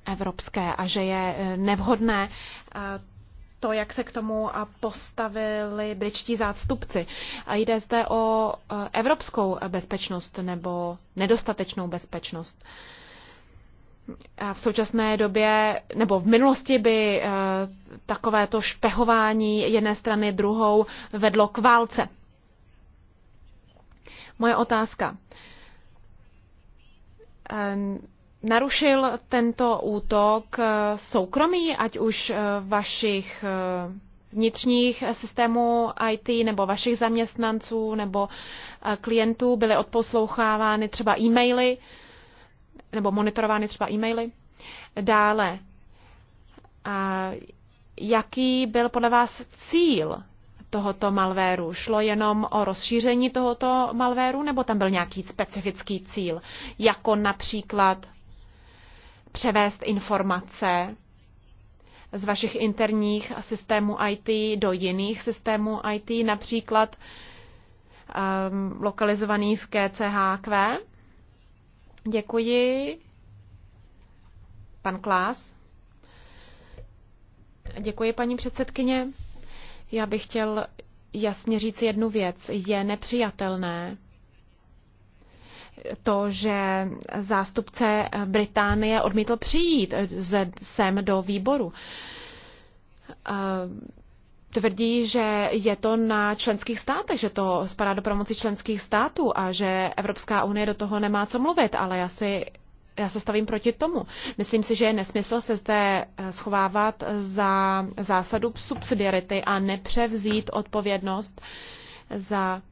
evropské a že je eh, nevhodné eh, to, jak se k tomu eh, postavili britští zástupci. A jde zde o evropskou bezpečnost nebo nedostatečnou bezpečnost. A v současné době, nebo v minulosti by takovéto špehování jedné strany druhou vedlo k válce. Moje otázka. Narušil tento útok eh, soukromí, ať už eh, vašich eh, vnitřních systémů IT nebo vašich zaměstnanců nebo klientů byly odposlouchávány třeba e-maily nebo monitorovány třeba e-maily. Dále, a jaký byl podle vás cíl tohoto malvéru? Šlo jenom o rozšíření tohoto malvéru, nebo tam byl nějaký specifický cíl, jako například převést informace z vašich interních systémů IT do jiných systémů IT, například um, lokalizovaný v KCHQ? Děkuji. Pan Klás. Děkuji, paní předsedkyně. Já bych chtěl jasně říct jednu věc. Je nepřijatelné to, že zástupce Británie odmítl přijít sem do výboru. Tvrdí, že je to na členských státech, že to spadá do promoci členských států a že Evropská unie do toho nemá co mluvit, ale já si já se stavím proti tomu. Myslím si, že je nesmysl se zde eh, schovávat za zásadu subsidiarity a nepřevzít odpovědnost za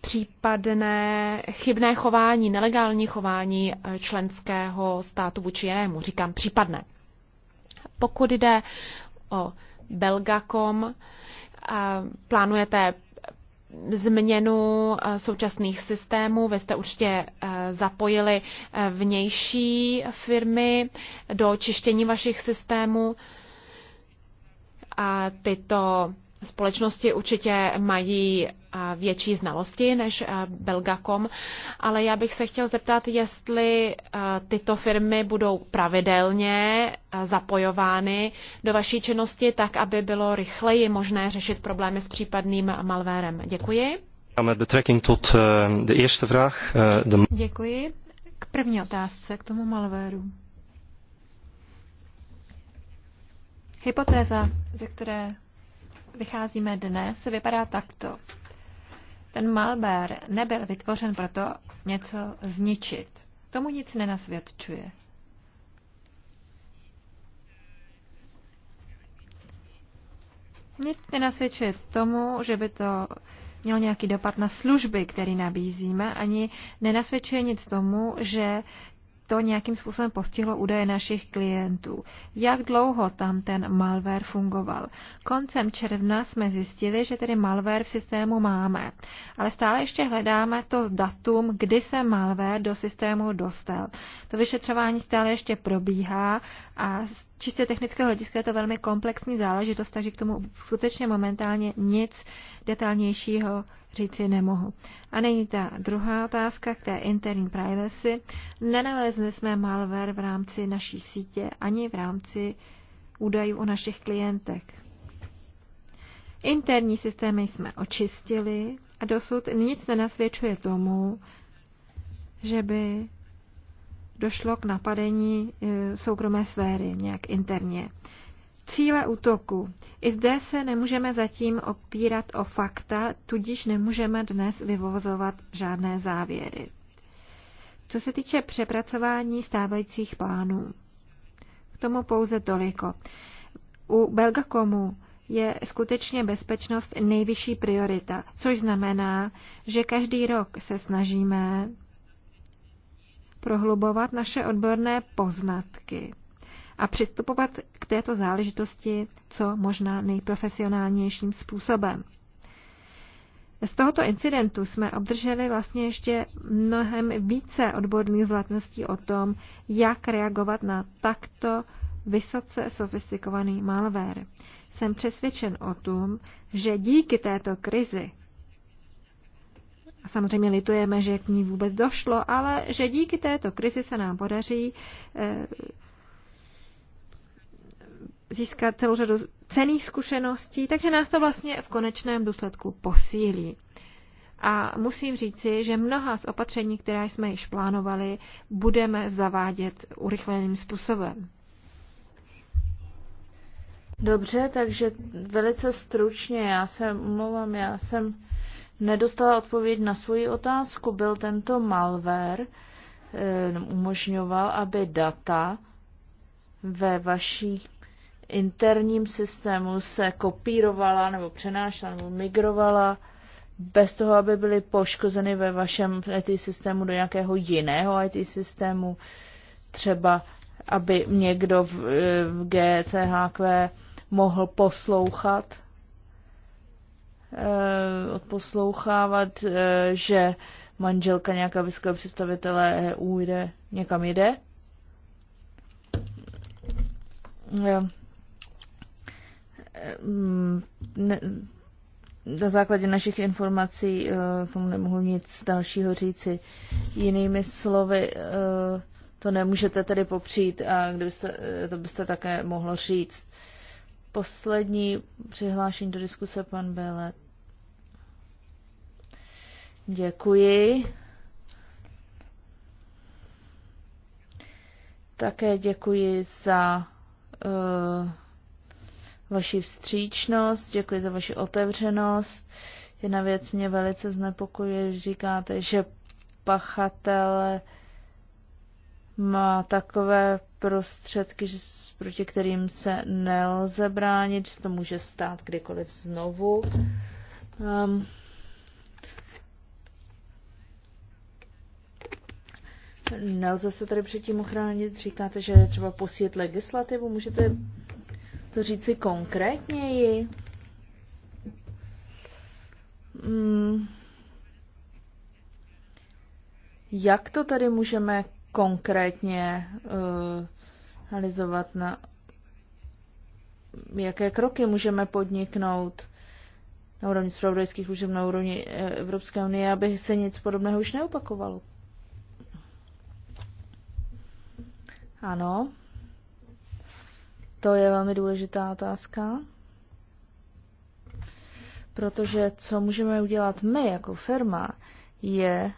případné chybné chování, nelegální chování eh, členského státu vůči jinému. Říkám případné. Pokud jde o Belgacom, eh, plánujete změnu eh, současných systémů. Vy jste určitě eh, zapojili eh, vnější firmy do čištění vašich systémů. A tyto společnosti určitě mají větší znalosti než eh, Belgacom, ale já bych se chtěl zeptat, jestli eh, tyto firmy budou pravidelně eh, zapojovány do vaší činnosti, tak aby bylo rychleji možné řešit problémy s případným malvérem. Děkuji. Děkuji. K první otázce, k tomu malvéru. Hypotéza, ze které vycházíme dnes, vypadá takto. Ten malbér nebyl vytvořen proto něco zničit. Tomu nic nenasvědčuje. Nic nenasvědčuje tomu, že by to měl nějaký dopad na služby, který nabízíme, ani nenasvědčuje nic tomu, že to nějakým způsobem postihlo údaje našich klientů. Jak dlouho tam ten malware fungoval? Koncem června jsme zjistili, že tedy malware v systému máme, ale stále ještě hledáme to datum, kdy se malware do systému dostal. To vyšetřování stále ještě probíhá a čistě technického hlediska je to velmi komplexní záležitost, takže k tomu skutečně momentálně nic detailnějšího říci nemohu. A není ta druhá otázka k té interní privacy. Nenalezli jsme malware v rámci naší sítě ani v rámci údajů o našich klientech. Interní systémy jsme očistili a dosud nic nenasvědčuje tomu, že by došlo k napadení e, soukromé sféry nějak interně. Cíle útoku. I zde se nemůžeme zatím opírat o fakta, tudíž nemůžeme dnes vyvozovat žádné závěry. Co se týče přepracování stávajících plánů, k tomu pouze toliko. U Belgakomu je skutečně bezpečnost nejvyšší priorita, což znamená, že každý rok se snažíme prohlubovat naše odborné poznatky a přistupovat k této záležitosti co možná nejprofesionálnějším způsobem. Z tohoto incidentu jsme obdrželi vlastně ještě mnohem více odborných zlatností o tom, jak reagovat na takto vysoce sofistikovaný malware. Jsem přesvědčen o tom, že díky této krizi a samozřejmě litujeme, že k ní vůbec došlo, ale že díky této krizi se nám podaří eh, získat celou řadu cených zkušeností, takže nás to vlastně v konečném důsledku posílí. A musím říci, že mnoha z opatření, která jsme již plánovali, budeme zavádět urychleným způsobem. Dobře, takže velice stručně, já se omlouvám, já jsem nedostala odpověď na svoji otázku. Byl tento malware, eh, umožňoval, aby data ve vaší interním systému se kopírovala nebo přenášela nebo migrovala bez toho, aby byly poškozeny ve vašem IT systému do nějakého jiného IT systému, třeba aby někdo v, eh, v GCHQ mohl poslouchat Eh, odposlouchávat, eh, že manželka nějaká vysokého představitele EU jde, někam jde. Eh, na základě našich informací k tomu nemohu nic dalšího říci. Jinými slovy, to nemůžete tedy popřít a kdybyste, to byste také mohlo říct. Poslední přihlášení do diskuse pan Belet. Děkuji. Také děkuji za uh, vaši vstřícnost, děkuji za vaši otevřenost. Jedna věc mě velice znepokojuje, že říkáte, že pachatel má takové prostředky, že, proti kterým se nelze bránit, že to může stát kdykoliv znovu. Um, Nelze se tady předtím ochránit. Říkáte, že je třeba posílit legislativu. Můžete to říci konkrétněji? Hmm. Jak to tady můžeme konkrétně uh, realizovat na jaké kroky můžeme podniknout na úrovni spravodajských služeb, na úrovni eh, Evropské unie, aby se nic podobného už neopakovalo? Ano. To je velmi důležitá otázka. Protože co můžeme udělat my jako firma, je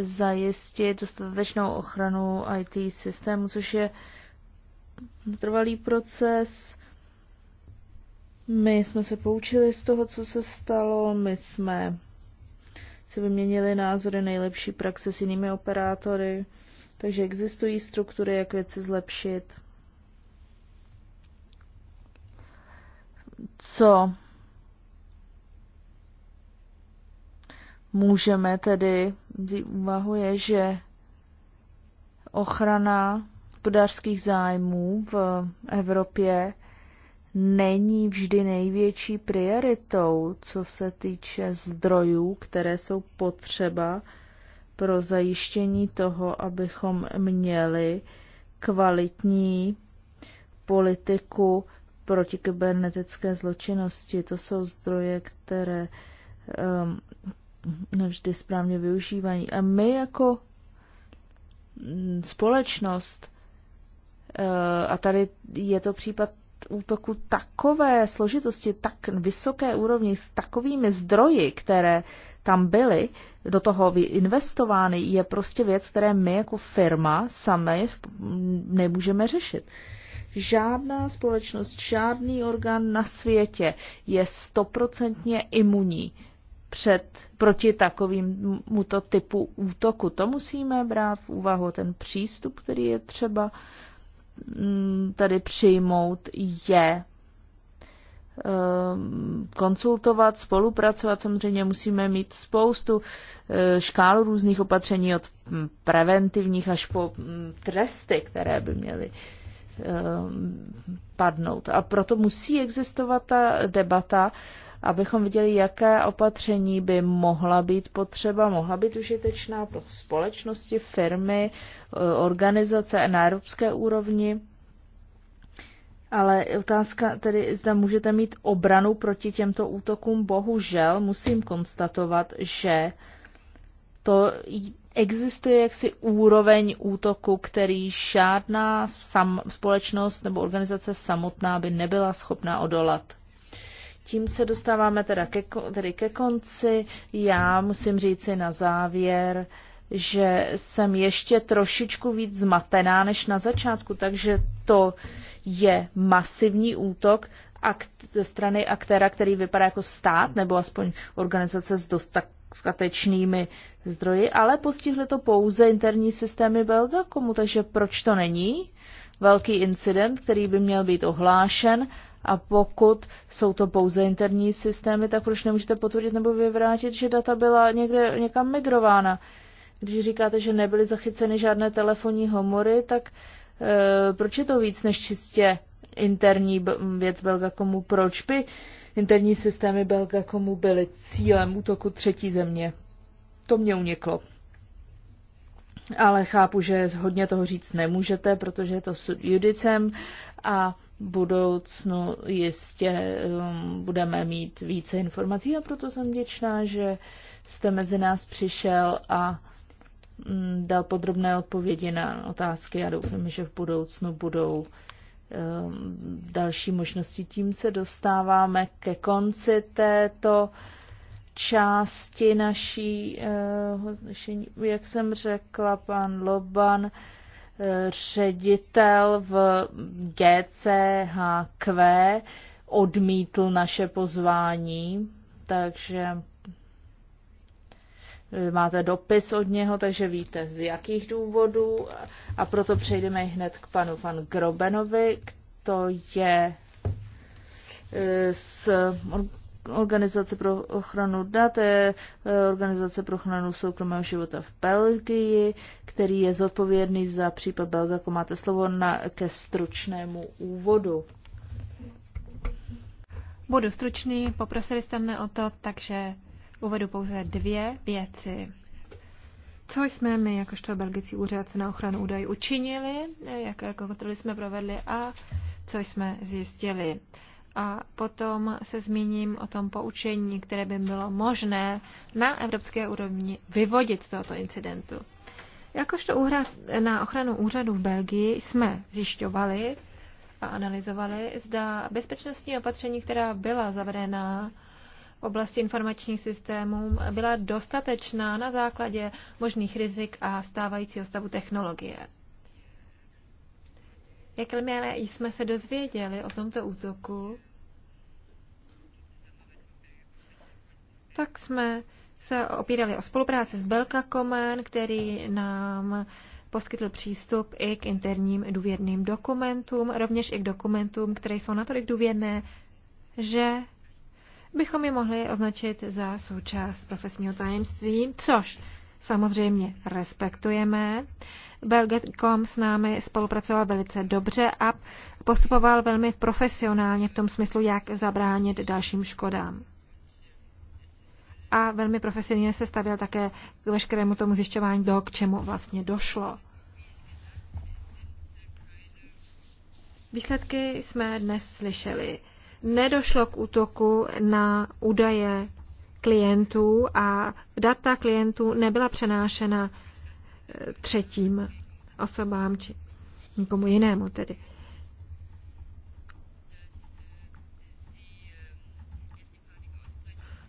zajistit dostatečnou ochranu IT systému, což je trvalý proces. My jsme se poučili z toho, co se stalo, my jsme si vyměnili názory, nejlepší praxe s jinými operátory, takže existují struktury, jak věci zlepšit. Co můžeme tedy vzít úvahu je, že ochrana hospodářských zájmů v Evropě není vždy největší prioritou, co se týče zdrojů, které jsou potřeba pro zajištění toho, abychom měli kvalitní politiku proti kybernetické zločinnosti. To jsou zdroje, které um, nevždy správně využívají. A my jako mm, společnost, uh, a tady je to případ útoku takové složitosti, tak vysoké úrovni, s takovými zdroji, které tam byly, do toho investovány, je prostě věc, které my jako firma sami nemůžeme řešit. Žádná společnost, žádný orgán na světě je stoprocentně imunní před, proti takovémuto typu útoku. To musíme brát v úvahu, ten přístup, který je třeba Mm, tady přijmout, je ehm, konsultovat, spolupracovat. Samozřejmě musíme mít spoustu eh, škálu různých opatření od mm, preventivních až po mm, tresty, které by měly ehm, padnout. A proto musí existovat ta debata abychom viděli, jaké opatření by mohla být potřeba, mohla být užitečná pro společnosti, firmy, eh, organizace na evropské úrovni. Ale otázka tedy, zda můžete mít obranu proti těmto útokům, bohužel musím konstatovat, že to existuje jaksi úroveň útoku, který žádná sam, společnost nebo organizace samotná by nebyla schopná odolat. Tím se dostáváme teda ke, tedy ke konci. Já musím říci na závěr, že jsem ještě trošičku víc zmatená než na začátku, takže to je masivní útok akt, ze strany aktéra, který vypadá jako stát nebo aspoň organizace s dostatečnými zdroji, ale postihly to pouze interní systémy Belgakomu, takže proč to není velký incident, který by měl být ohlášen a pokud jsou to pouze interní systémy, tak proč nemůžete potvrdit nebo vyvrátit, že data byla někde, někam migrována? Když říkáte, že nebyly zachyceny žádné telefonní homory, tak e, proč je to víc než čistě interní věc Belgakomu? Proč by interní systémy Belgakomu byly cílem útoku třetí země? To mě uniklo. Ale chápu, že hodně toho říct nemůžete, protože je to judicem a budoucnu jistě um, budeme mít více informací a proto jsem vděčná, že jste mezi nás přišel a mm, dal podrobné odpovědi na otázky a doufám, že v budoucnu budou um, další možnosti. Tím se dostáváme ke konci této části naší, eh, jak jsem řekla, pan Loban ředitel v GCHQ odmítl naše pozvání, takže máte dopis od něho, takže víte z jakých důvodů. A proto přejdeme hned k panu Van Grobenovi, to je z eh, Organizace pro ochranu dat, eh, Organizace pro ochranu soukromého života v Belgii, který je zodpovědný za případ Jako Máte slovo na, ke stručnému úvodu. Budu stručný, poprosili jste mne o to, takže uvedu pouze dvě věci. Co jsme my, jakožto belgický úřad na ochranu údajů, učinili, jaké kontroly jsme provedli a co jsme zjistili a potom se zmíním o tom poučení, které by bylo možné na evropské úrovni vyvodit z tohoto incidentu. Jakožto úhrad na ochranu úřadu v Belgii jsme zjišťovali a analyzovali, zda bezpečnostní opatření, která byla zavedena v oblasti informačních systémů, byla dostatečná na základě možných rizik a stávajícího stavu technologie. Jakmile jsme se dozvěděli o tomto útoku, tak jsme se opírali o spolupráci s Komen, který nám poskytl přístup i k interním důvěrným dokumentům, rovněž i k dokumentům, které jsou natolik důvěrné, že bychom je mohli označit za součást profesního tajemství, což samozřejmě respektujeme. Belgecom s námi spolupracoval velice dobře a postupoval velmi profesionálně v tom smyslu, jak zabránit dalším škodám. A velmi profesionálně se stavěl také k veškerému tomu zjišťování, do k čemu vlastně došlo. Výsledky jsme dnes slyšeli. Nedošlo k útoku na údaje klientů a data klientů nebyla přenášena třetím osobám či nikomu jinému tedy.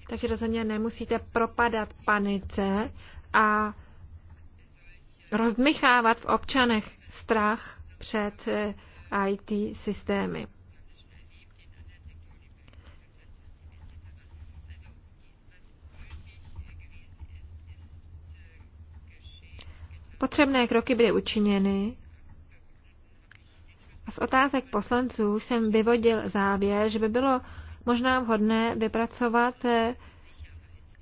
Takže rozhodně nemusíte propadat panice a rozmychávat v občanech strach před eh, IT systémy. Potřebné kroky byly učiněny a z otázek poslanců jsem vyvodil závěr, že by bylo možná vhodné vypracovat eh,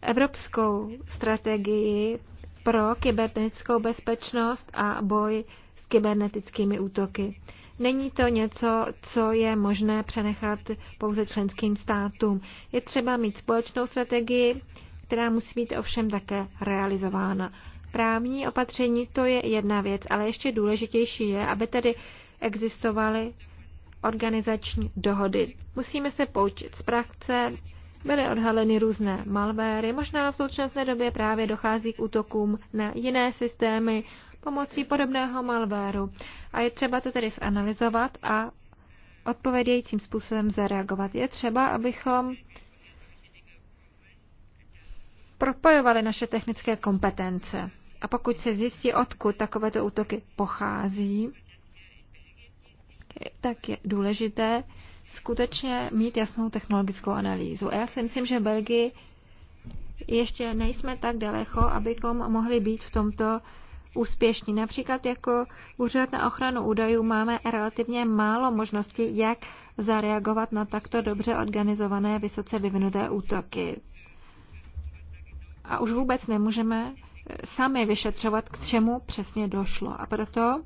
evropskou strategii pro kybernetickou bezpečnost a boj s kybernetickými útoky. Není to něco, co je možné přenechat pouze členským státům. Je třeba mít společnou strategii, která musí být ovšem také realizována. Právní opatření to je jedna věc, ale ještě důležitější je, aby tedy existovaly organizační dohody. Musíme se poučit z praxe, byly odhaleny různé malvéry, možná v současné době právě dochází k útokům na jiné systémy pomocí podobného malvéru. A je třeba to tedy zanalizovat a odpovědějícím způsobem zareagovat. Je třeba, abychom propojovali naše technické kompetence. A pokud se zjistí, odkud takovéto útoky pochází, tak je důležité skutečně mít jasnou technologickou analýzu. A já si myslím, že v Belgii ještě nejsme tak daleko, abychom mohli být v tomto úspěšní. Například jako úřad na ochranu údajů máme relativně málo možností, jak zareagovat na takto dobře organizované, vysoce vyvinuté útoky. A už vůbec nemůžeme sami vyšetřovat, k čemu přesně došlo. A proto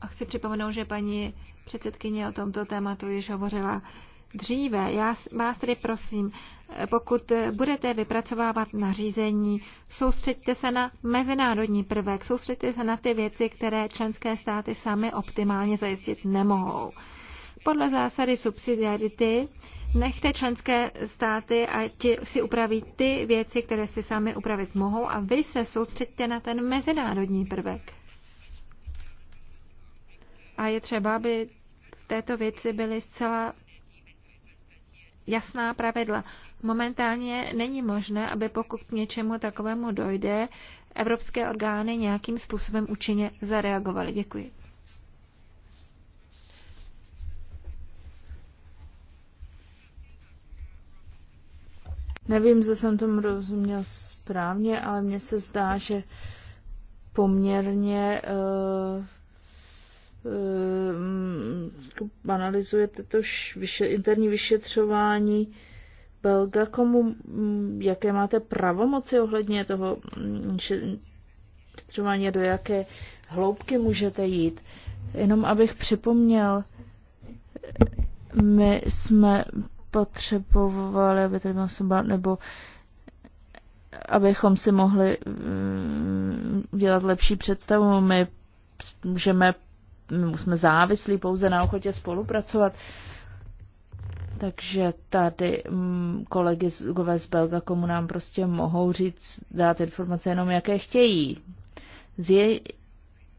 a chci připomenout, že paní předsedkyně o tomto tématu již hovořila dříve. Já vás tedy prosím, pokud budete vypracovávat nařízení, soustředte se na mezinárodní prvek, soustředte se na ty věci, které členské státy sami optimálně zajistit nemohou. Podle zásady subsidiarity Nechte členské státy a ti si upraví ty věci, které si sami upravit mohou a vy se soustředte na ten mezinárodní prvek. A je třeba, aby v této věci byly zcela jasná pravidla. Momentálně není možné, aby pokud k něčemu takovému dojde, evropské orgány nějakým způsobem účinně zareagovaly. Děkuji. Nevím, zda jsem tomu rozuměl správně, ale mně se zdá, že poměrně uh, eh, uh, eh, mm, analyzuje to vyše, interní vyšetřování Belga, komu, mm, jaké máte pravomoci ohledně toho mm, vyšetřování, do jaké hloubky můžete jít. Jenom abych připomněl, my jsme potřebovali, aby tady byla osoba, nebo abychom si mohli mm, dělat lepší představu. My můžeme, my jsme závislí pouze na ochotě spolupracovat. Takže tady mm, kolegy z, z Belga komu nám prostě mohou říct, dát informace jenom, jaké chtějí. Z je,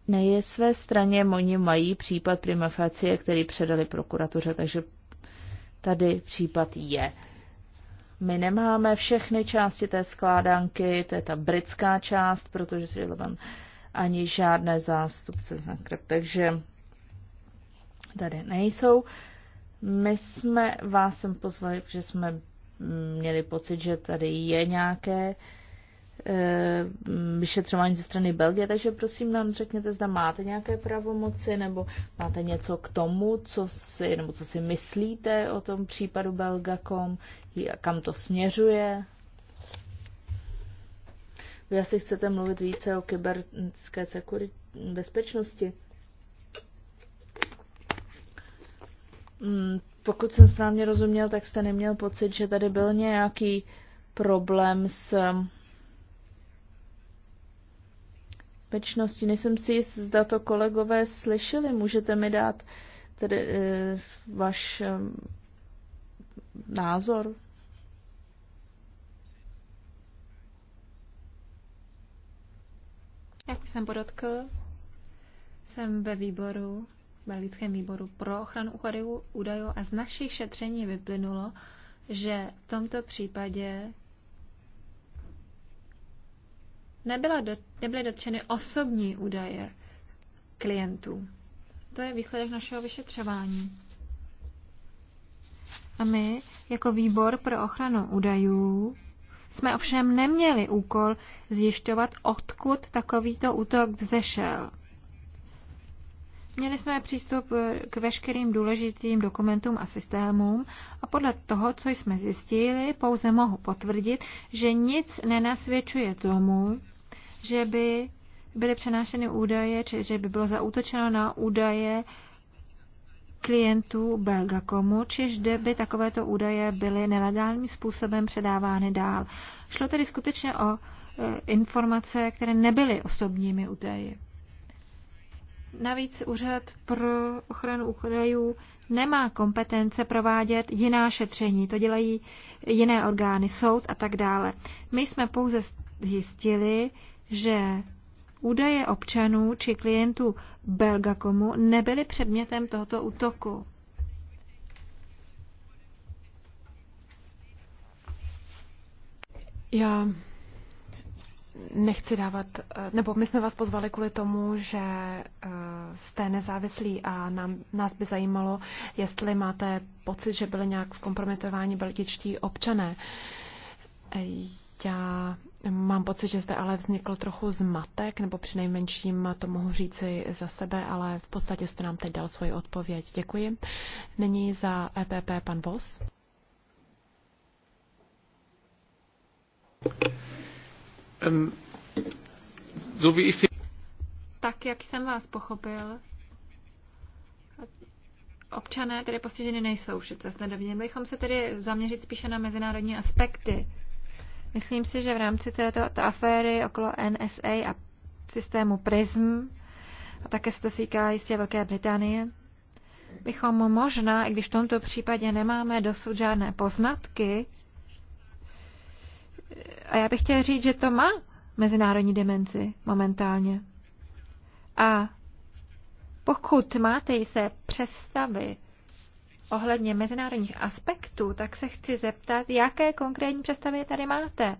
na je své straně oni mají případ prima facie, který předali prokuratuře, takže tady případ je. My nemáme všechny části té skládanky, to je ta britská část, protože si Levan ani žádné zástupce za takže tady nejsou. My jsme vás sem pozvali, protože jsme měli pocit, že tady je nějaké Eh, vyšetřování ze strany Belgie, takže prosím nám řekněte, zda máte nějaké pravomoci nebo máte něco k tomu, co si, nebo co si myslíte o tom případu Belgacom, kam to směřuje. Vy asi chcete mluvit více o kybernetické bezpečnosti. Hmm, pokud jsem správně rozuměl, tak jste neměl pocit, že tady byl nějaký problém s bezpečnosti. Nejsem si jist, zda to kolegové slyšeli. Můžete mi dát tedy e, váš e, názor? Jak už jsem podotkl, jsem ve výboru, ve lidském výboru pro ochranu údajů a z našich šetření vyplynulo, že v tomto případě nebyla do, nebyly dotčeny osobní údaje klientů. To je výsledek našeho vyšetřování. A my, jako výbor pro ochranu údajů, jsme ovšem neměli úkol zjišťovat, odkud takovýto útok vzešel. Měli jsme přístup eh, k veškerým důležitým dokumentům a systémům a podle toho, co jsme zjistili, pouze mohu potvrdit, že nic nenasvědčuje tomu, že by byly přenášeny údaje, či že by bylo zautočeno na údaje klientů Belgakomu, čiž kde by takovéto údaje byly nelegálním způsobem předávány dál. Šlo tedy skutečně o e, informace, které nebyly osobními údaji. Navíc úřad pro ochranu údajů nemá kompetence provádět jiná šetření, to dělají jiné orgány, soud a tak dále. My jsme pouze zjistili, že údaje občanů či klientů Belgakomu nebyly předmětem tohoto útoku. Já nechci dávat, eh, nebo my jsme vás pozvali kvůli tomu, že eh, jste nezávislí a nám, nás by zajímalo, jestli máte pocit, že byly nějak zkompromitováni belgičtí občané. Eh, já Mám pocit, že zde ale vznikl trochu zmatek, nebo přinejmenším to mohu říci za sebe, ale v podstatě jste nám teď dal svoji odpověď. Děkuji. Nyní za EPP pan Vos. Tak, jak jsem vás pochopil, občané tedy postiženy nejsou přece Měli Bychom se tedy zaměřit spíše na mezinárodní aspekty Myslím si, že v rámci této aféry okolo NSA a systému PRISM, a také se to týká jistě Velké Británie, bychom možná, i když v tomto případě nemáme dosud žádné poznatky, a já bych chtěla říct, že to má mezinárodní dimenzi momentálně. A pokud máte se představy ohledně mezinárodních aspektů, tak se chci zeptat, jaké konkrétní představy tady máte.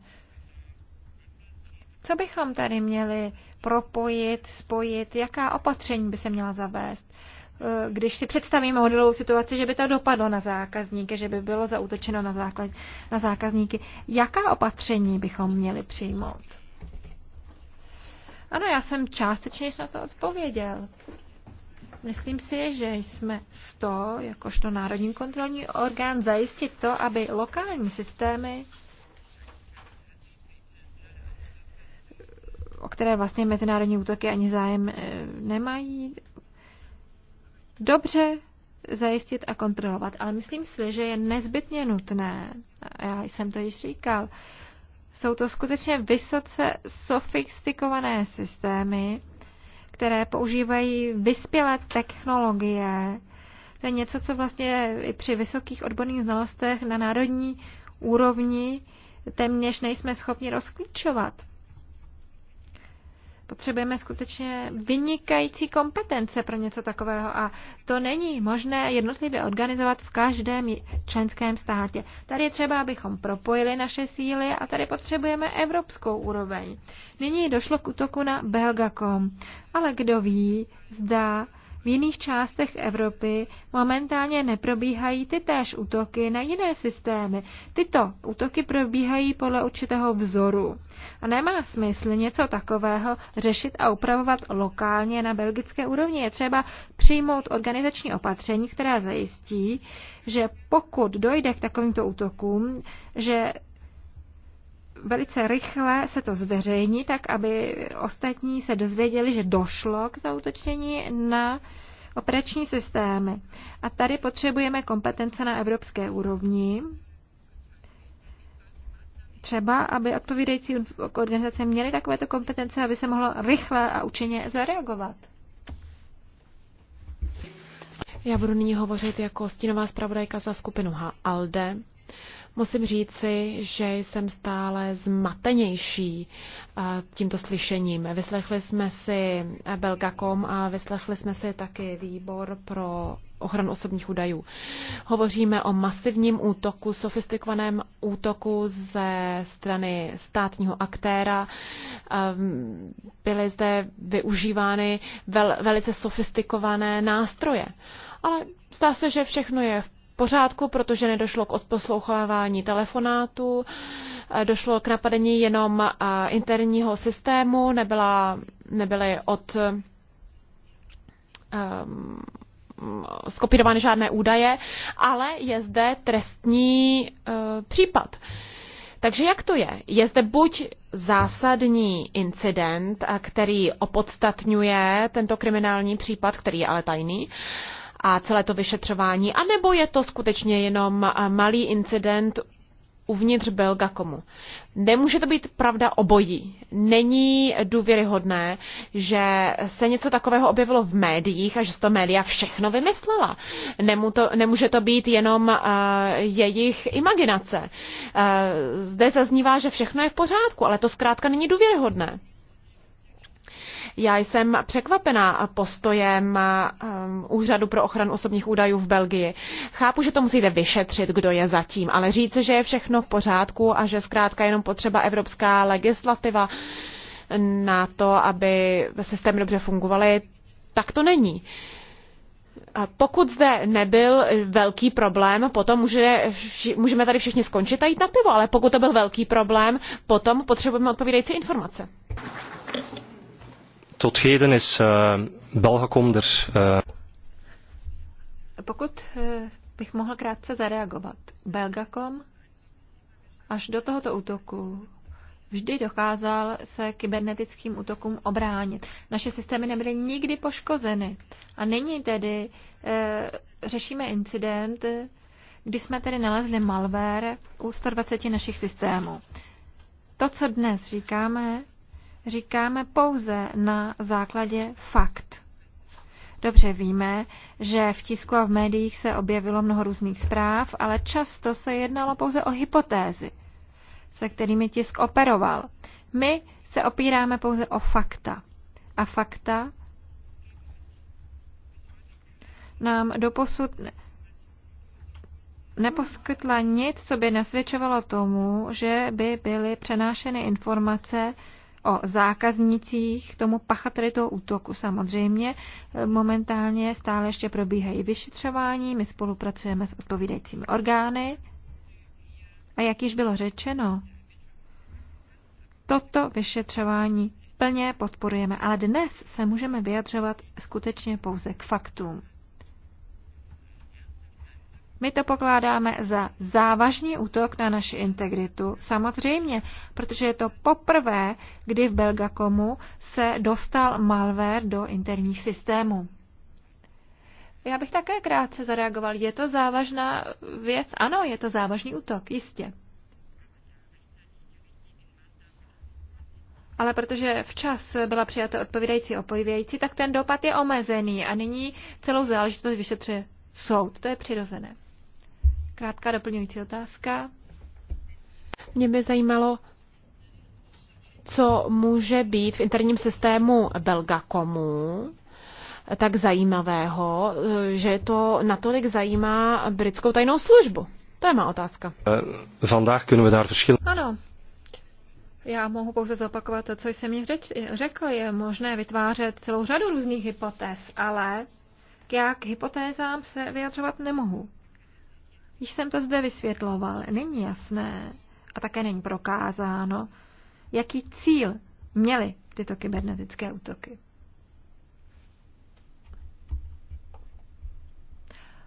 Co bychom tady měli propojit, spojit, jaká opatření by se měla zavést? Eh, když si představíme modelovou situaci, že by to dopadlo na zákazníky, že by bylo zautočeno na, základ, na zákazníky, jaká opatření bychom měli přijmout? Ano, já jsem částečně na to odpověděl myslím si, že jsme z to, jakožto Národní kontrolní orgán, zajistit to, aby lokální systémy, o které vlastně mezinárodní útoky ani zájem eh, nemají, dobře zajistit a kontrolovat. Ale myslím si, že je nezbytně nutné, a já jsem to již říkal, jsou to skutečně vysoce sofistikované systémy, které používají vyspělé technologie. To je něco, co vlastně i při vysokých odborných znalostech na národní úrovni téměř nejsme schopni rozklíčovat. Potřebujeme skutečně vynikající kompetence pro něco takového a to není možné jednotlivě organizovat v každém členském státě. Tady je třeba, abychom propojili naše síly a tady potřebujeme evropskou úroveň. Nyní došlo k útoku na Belgacom, ale kdo ví, zda v jiných částech Evropy momentálně neprobíhají ty též útoky na jiné systémy. Tyto útoky probíhají podle určitého vzoru. A nemá smysl něco takového řešit a upravovat lokálně na belgické úrovni. Je třeba přijmout organizační opatření, která zajistí, že pokud dojde k takovýmto útokům, že velice rychle se to zveřejní, tak aby ostatní se dozvěděli, že došlo k zautočení na operační systémy. A tady potřebujeme kompetence na evropské úrovni, třeba, aby odpovídající organizace měly takovéto kompetence, aby se mohlo rychle a účinně zareagovat. Já budu nyní hovořit jako stínová zpravodajka za skupinu H. ALDE. Musím říci, že jsem stále zmatenější eh, tímto slyšením. Vyslechli jsme si Belgakom a vyslechli jsme si taky výbor pro ochranu osobních údajů. Hovoříme o masivním útoku, sofistikovaném útoku ze strany státního aktéra. Ehm, byly zde využívány vel, velice sofistikované nástroje. Ale zdá se, že všechno je v pořádku, protože nedošlo k odposlouchávání telefonátů, eh, došlo k napadení jenom eh, interního systému, nebyla, nebyly od um, skopírovány žádné údaje, ale je zde trestní uh, případ. Takže jak to je? Je zde buď zásadní incident, který opodstatňuje tento kriminální případ, který je ale tajný, uh, a celé to vyšetřování, anebo je to skutečně jenom eh, malý incident uvnitř Belgakomu. Nemůže to být pravda obojí. Není důvěryhodné, že se něco takového objevilo v médiích a že to média všechno vymyslela. Nemu to, nemůže to být jenom uh, jejich imaginace. Uh, zde zaznívá, že všechno je v pořádku, ale to zkrátka není důvěryhodné. Já jsem překvapená postojem um, Úřadu pro ochranu osobních údajů v Belgii. Chápu, že to musíte vyšetřit, kdo je zatím, ale říct, že je všechno v pořádku a že zkrátka jenom potřeba evropská legislativa na to, aby systém dobře fungovaly, tak to není. Pokud zde nebyl velký problém, potom může, můžeme tady všichni skončit a jít na pivo, ale pokud to byl velký problém, potom potřebujeme odpovídající informace. Tot heden is eh, Belgacom Uh... Eh, Pokud eh, bych mohl krátce zareagovat. Belgacom až do tohoto útoku vždy dokázal se kybernetickým útokům obránit. Naše systémy nebyly nikdy poškozeny. A nyní tedy uh, řešíme incident, kdy jsme tedy nalezli malware u 120 našich systémů. To, co dnes říkáme, říkáme pouze na základě fakt. Dobře víme, že v tisku a v médiích se objevilo mnoho různých zpráv, ale často se jednalo pouze o hypotézy, se kterými tisk operoval. My se opíráme pouze o fakta. A fakta nám doposud neposkytla nic, co by nasvědčovalo tomu, že by byly přenášeny informace, o zákaznicích, tomu pachateli toho útoku samozřejmě. E, momentálně stále ještě probíhají vyšetřování, my spolupracujeme s odpovídajícími orgány. A jak již bylo řečeno, toto vyšetřování plně podporujeme, ale dnes se můžeme vyjadřovat skutečně pouze k faktům. My to pokládáme za závažný útok na naši integritu, samozřejmě, protože je to poprvé, kdy v Belgakomu se dostal malware do interních systémů. Já bych také krátce zareagoval. Je to závažná věc? Ano, je to závažný útok, jistě. ale protože včas byla přijata odpovídající odpovědějící, tak ten dopad je omezený a nyní celou záležitost vyšetřuje soud. To je přirozené. Krátká doplňující otázka. Mě by zajímalo, co může být v interním systému Belgakomu tak zajímavého, že to natolik zajímá britskou tajnou službu. To je má otázka. Eh, vandaag kunnen we daar verschil... Ano. Já mohu pouze zopakovat to, co jsem mi řekl. Je možné vytvářet celou řadu různých hypotéz, ale k jak hypotézám se vyjadřovat nemohu. Již jsem to zde vysvětloval. Není jasné a také není prokázáno, jaký cíl měly tyto kybernetické útoky.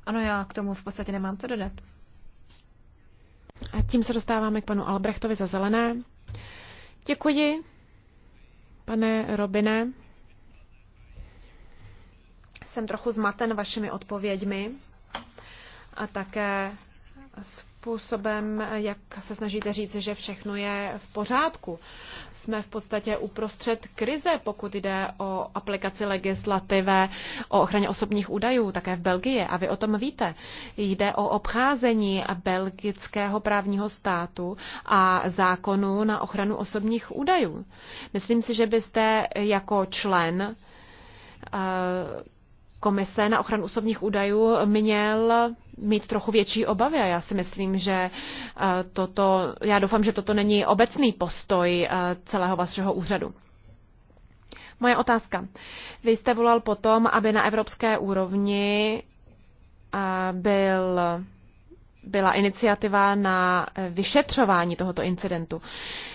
Ano, já k tomu v podstatě nemám co dodat. A tím se dostáváme k panu Albrechtovi za zelené. Děkuji, pane Robine. Jsem trochu zmaten vašimi odpověďmi a také způsobem, jak se snažíte říct, že všechno je v pořádku. Jsme v podstatě uprostřed krize, pokud jde o aplikaci legislativy o ochraně osobních údajů, také v Belgii. A vy o tom víte. Jde o obcházení belgického právního státu a zákonu na ochranu osobních údajů. Myslím si, že byste jako člen eh, komise na ochranu osobních údajů měl mít trochu větší obavy a já si myslím, že eh, toto, já doufám, že toto není obecný postoj eh, celého vašeho úřadu. Moje otázka. Vy jste volal potom, aby na evropské úrovni eh, byl, byla iniciativa na vyšetřování tohoto incidentu.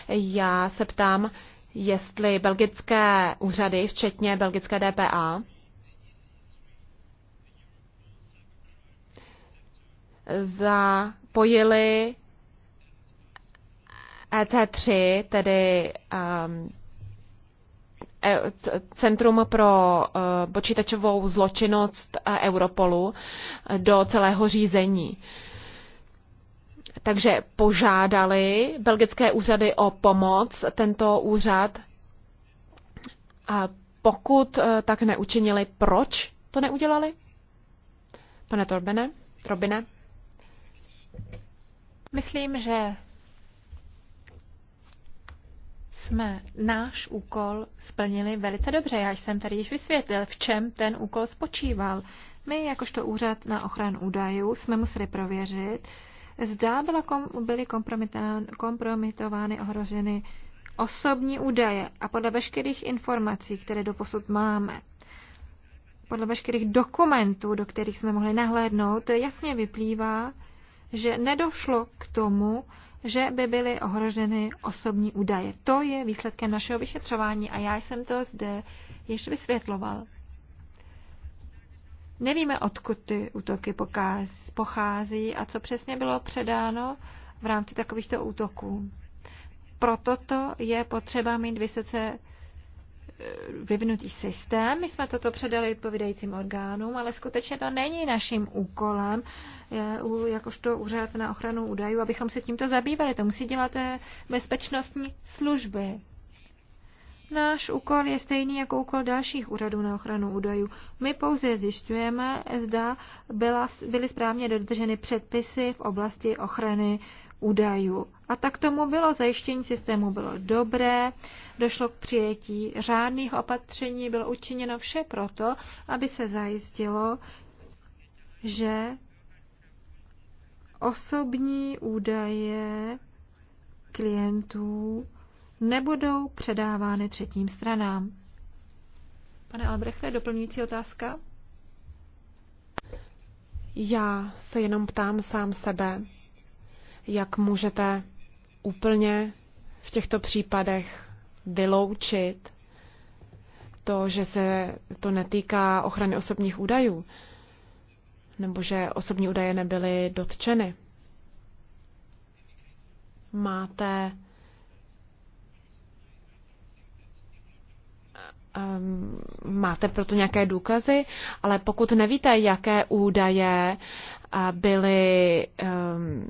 Já se ptám, jestli belgické úřady, včetně belgické DPA, zapojili EC3, tedy um, e, Centrum pro uh, počítačovou zločinnost Europolu uh, do celého řízení. Takže požádali belgické úřady o pomoc tento úřad. A pokud uh, tak neučinili, proč to neudělali? Pane Torbene, Robine? Myslím, že jsme náš úkol splnili velice dobře. Já jsem tady již vysvětlil, v čem ten úkol spočíval. My, jakožto úřad na ochranu údajů, jsme museli prověřit, zda byla kom, byly kompromitovány, ohroženy osobní údaje a podle veškerých informací, které doposud máme, podle veškerých dokumentů, do kterých jsme mohli nahlédnout, jasně vyplývá, že nedošlo k tomu, že by byly ohroženy osobní údaje. To je výsledkem našeho vyšetřování a já jsem to zde již vysvětloval. Nevíme, odkud ty útoky pochází a co přesně bylo předáno v rámci takovýchto útoků. Proto to je potřeba mít vysoce vyvinutý systém. My jsme toto předali odpovídajícím orgánům, ale skutečně to není naším úkolem, jakožto úřad na ochranu údajů, abychom se tímto zabývali. To musí dělat eh, bezpečnostní služby. Náš úkol je stejný jako úkol dalších úřadů na ochranu údajů. My pouze zjišťujeme, zda byla, byly správně dodrženy předpisy v oblasti ochrany údajů. A tak tomu bylo. Zajištění systému bylo dobré, došlo k přijetí řádných opatření, bylo učiněno vše proto, aby se zajistilo, že osobní údaje klientů nebudou předávány třetím stranám. Pane Albrechte, doplňující otázka? Já se jenom ptám sám sebe, jak můžete úplně v těchto případech vyloučit to, že se to netýká ochrany osobních údajů, nebo že osobní údaje nebyly dotčeny. Máte ehm, máte proto nějaké důkazy, ale pokud nevíte, jaké údaje eh, byly ehm,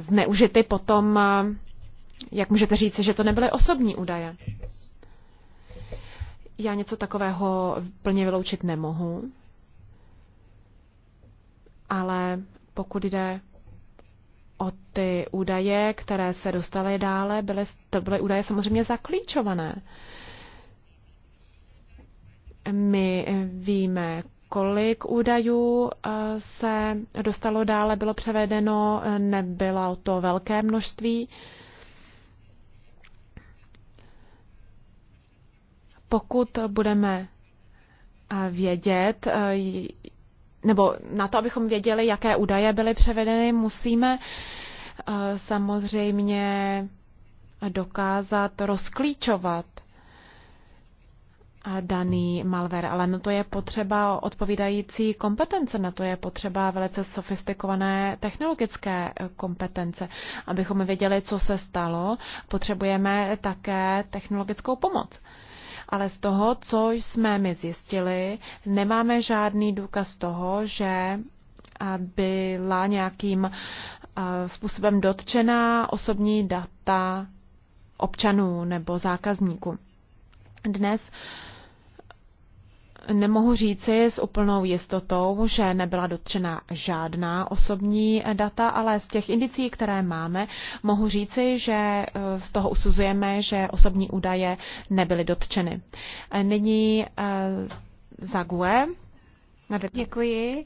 zneužity potom, eh, jak můžete říct, že to nebyly osobní údaje. Já něco takového plně vyloučit nemohu, ale pokud jde o ty údaje, které se dostaly dále, byly, to byly údaje samozřejmě zaklíčované. My víme, kolik údajů eh, se dostalo dále, bylo převedeno, eh, nebylo to velké množství. Pokud budeme eh, vědět, nebo na to, abychom věděli, jaké údaje byly převedeny, musíme samozřejmě dokázat rozklíčovat daný malware, ale na to je potřeba odpovídající kompetence, na to je potřeba velice sofistikované technologické eh, kompetence. Abychom věděli, co se stalo, potřebujeme také technologickou pomoc. Ale z toho, co jsme my zjistili, nemáme žádný důkaz toho, že eh, byla nějakým eh, způsobem dotčená osobní data občanů nebo zákazníků. Dnes uh, nemohu říci s úplnou jistotou, že nebyla dotčena žádná osobní data, ale z těch indicí, které máme, mohu říci, že eh, z toho usuzujeme, že osobní údaje nebyly dotčeny. Nyní eh, za GUE. Děkuji.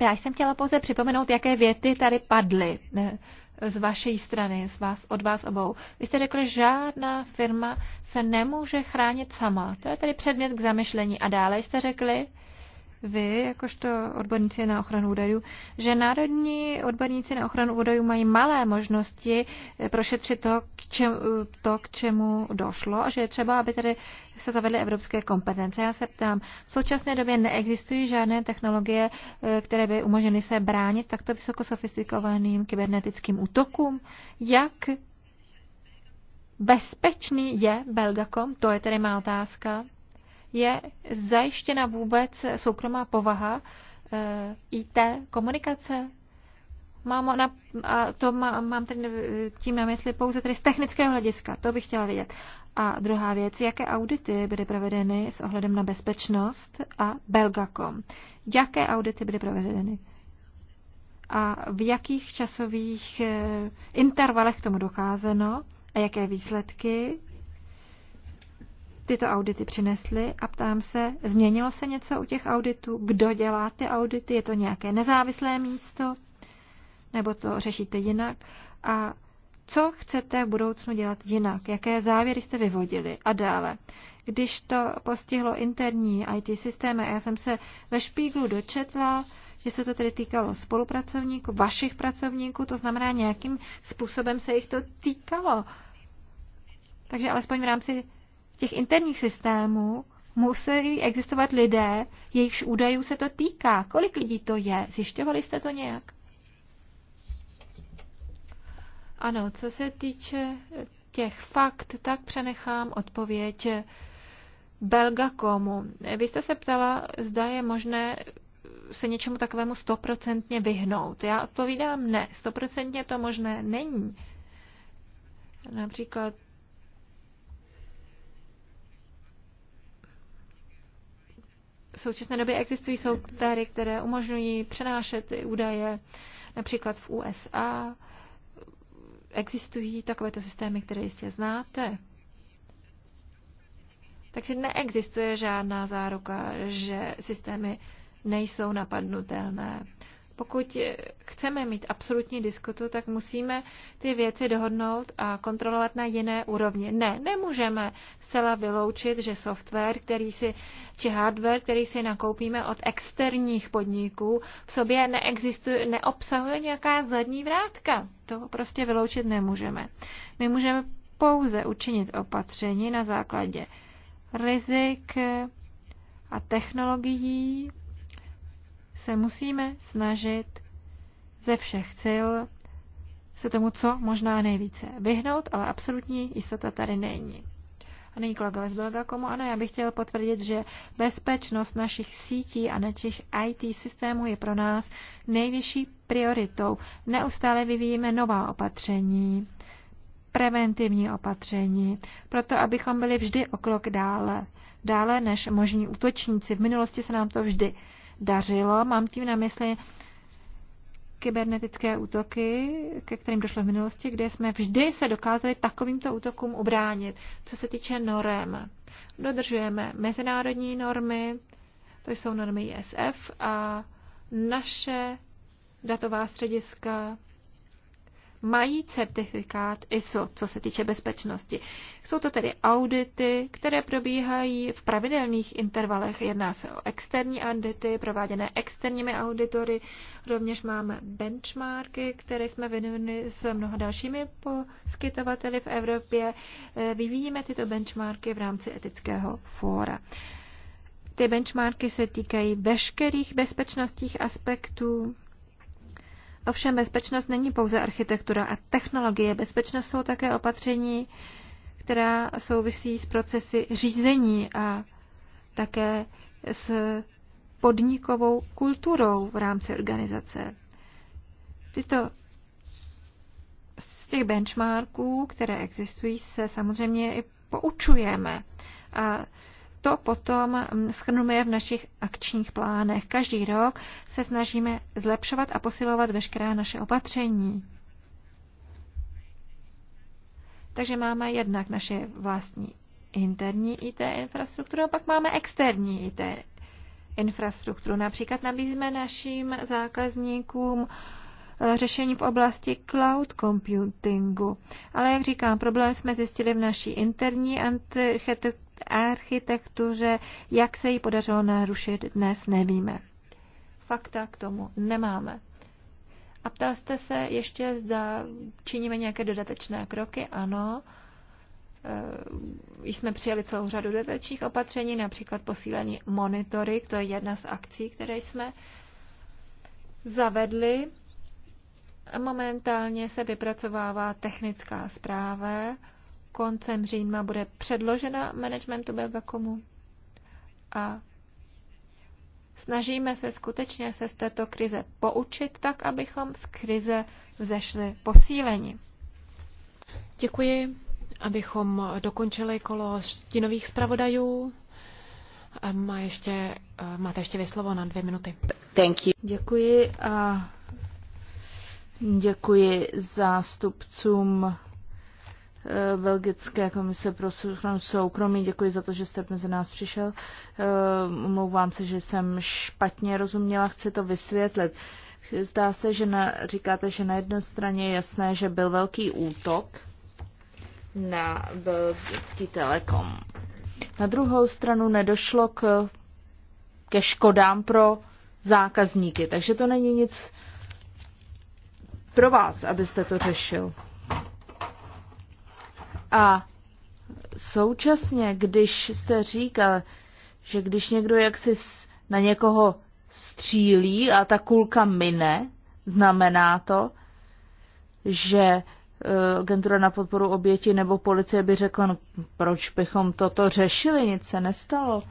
Já jsem chtěla pouze připomenout, jaké věty tady padly eh, z vaší strany, z vás, od vás obou. Vy jste řekli, že žádná firma se nemůže chránit sama. To je tedy předmět k zamyšlení. A dále jste řekli, vy, jakožto odborníci na ochranu údajů, že národní odborníci na ochranu údajů mají malé možnosti eh, prošetřit to, k čemu, eh, to, k čemu došlo a že je třeba, aby tady se zavedly evropské kompetence. Já se ptám, v současné době neexistují žádné technologie, eh, které by umožnily se bránit takto vysoko sofistikovaným kybernetickým útokům? Jak bezpečný je Belgacom? To je tedy má otázka je zajištěna vůbec soukromá povaha eh, IT komunikace? Mám ona, a to má, mám tedy eh, tím na mysli pouze tedy z technického hlediska, to bych chtěla vědět. A druhá věc, jaké audity byly provedeny s ohledem na bezpečnost a Belgacom? Jaké audity byly provedeny? A v jakých časových eh, intervalech k tomu docházeno? A jaké výsledky tyto audity přinesly a ptám se, změnilo se něco u těch auditů? Kdo dělá ty audity? Je to nějaké nezávislé místo? Nebo to řešíte jinak? A co chcete v budoucnu dělat jinak? Jaké závěry jste vyvodili? A dále. Když to postihlo interní IT systémy, já jsem se ve špíglu dočetla, že se to tedy týkalo spolupracovníků, vašich pracovníků, to znamená nějakým způsobem se jich to týkalo. Takže alespoň v rámci v těch interních systémů musí existovat lidé, jejichž údajů se to týká. Kolik lidí to je? Zjišťovali jste to nějak? Ano, co se týče těch fakt, tak přenechám odpověď Belgakomu. Vy jste se ptala, zda je možné se něčemu takovému stoprocentně vyhnout. Já odpovídám ne, stoprocentně to možné není. Například v současné době existují softwary, které umožňují přenášet údaje například v USA. Existují takovéto systémy, které jistě znáte. Takže neexistuje žádná záruka, že systémy nejsou napadnutelné. Pokud chceme mít absolutní diskutu, tak musíme ty věci dohodnout a kontrolovat na jiné úrovni. Ne, nemůžeme zcela vyloučit, že software, který si, či hardware, který si nakoupíme od externích podniků, v sobě neexistuje, neobsahuje nějaká zadní vrátka. To prostě vyloučit nemůžeme. My můžeme pouze učinit opatření na základě rizik a technologií se musíme snažit ze všech sil se tomu co možná nejvíce vyhnout, ale absolutní jistota tady není. A nyní kolegové z Belgakomu, ano, já bych chtěl potvrdit, že bezpečnost našich sítí a našich IT systémů je pro nás nejvyšší prioritou. Neustále vyvíjíme nová opatření, preventivní opatření, proto abychom byli vždy o krok dále, dále než možní útočníci. V minulosti se nám to vždy dařilo. Mám tím na mysli kybernetické útoky, ke kterým došlo v minulosti, kde jsme vždy se dokázali takovýmto útokům ubránit. Co se týče norem, dodržujeme mezinárodní normy, to jsou normy ISF a naše datová střediska mají certifikát ISO, co se týče bezpečnosti. Jsou to tedy audity, které probíhají v pravidelných intervalech. Jedná se o externí audity, prováděné externími auditory. Rovněž máme benchmarky, které jsme vyvinuli s mnoha dalšími poskytovateli v Evropě. Eh, vyvíjíme tyto benchmarky v rámci etického fóra. Ty benchmarky se týkají veškerých bezpečnostních aspektů Ovšem bezpečnost není pouze architektura a technologie. Bezpečnost jsou také opatření, která souvisí s procesy řízení a také s podnikovou kulturou v rámci organizace. Tyto z těch benchmarků, které existují, se samozřejmě i poučujeme. A to potom mm, schrnujeme v našich akčních plánech. Každý rok se snažíme zlepšovat a posilovat veškerá naše opatření. Takže máme jednak naše vlastní interní IT infrastrukturu a pak máme externí IT infrastrukturu. Například nabízíme našim zákazníkům eh, řešení v oblasti cloud computingu. Ale jak říkám, problém jsme zjistili v naší interní architektuře, jak se jí podařilo narušit, dnes nevíme. Fakta k tomu nemáme. A ptal jste se ještě, zda činíme nějaké dodatečné kroky? Ano. Eh, jsme přijali celou řadu dodatečných opatření, například posílení monitory, to je jedna z akcí, které jsme zavedli. Momentálně se vypracovává technická zpráva, koncem října bude předložena managementu Belgakomu a snažíme se skutečně se z této krize poučit tak, abychom z krize vzešli posíleni. Děkuji, abychom dokončili kolo stinových zpravodajů. Má ještě, máte ještě vyslovo na dvě minuty. Thank you. Děkuji a děkuji zástupcům Eh, Belgické komise pro ochranu soukromí. Děkuji za to, že jste mezi nás přišel. Eh, Omlouvám se, že jsem špatně rozuměla, chci to vysvětlit. Zdá se, že na, říkáte, že na jedné straně je jasné, že byl velký útok na belgický telekom. Na druhou stranu nedošlo k, ke škodám pro zákazníky, takže to není nic pro vás, abyste to řešil. A současně, když jste říkal, že když někdo jaksi na někoho střílí a ta kulka mine, znamená to, že e, agentura na podporu oběti nebo policie by řekla, no, proč bychom toto řešili, nic se nestalo.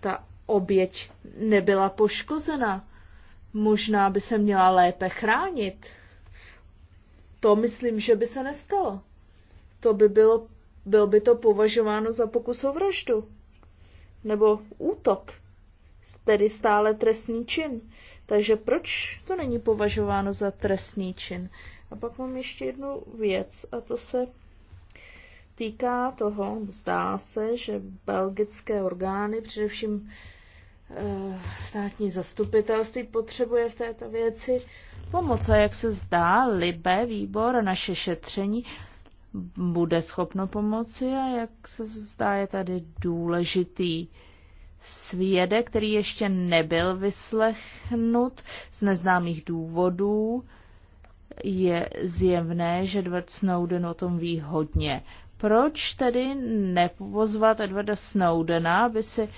Ta oběť nebyla poškozena. Možná by se měla lépe chránit. To myslím, že by se nestalo to by bylo, bylo by to považováno za pokus o vraždu nebo útok, tedy stále trestný čin. Takže proč to není považováno za trestný čin? A pak mám ještě jednu věc, a to se týká toho, zdá se, že belgické orgány, především eh, státní zastupitelství potřebuje v této věci pomoc. A jak se zdá, Libe, výbor, naše šetření bude schopno pomoci a jak se zdá je tady důležitý svědek, který ještě nebyl vyslechnut z neznámých důvodů. Je zjevné, že Edward Snowden o tom ví hodně. Proč tedy nepozvat Edwarda Snowdena, aby, si,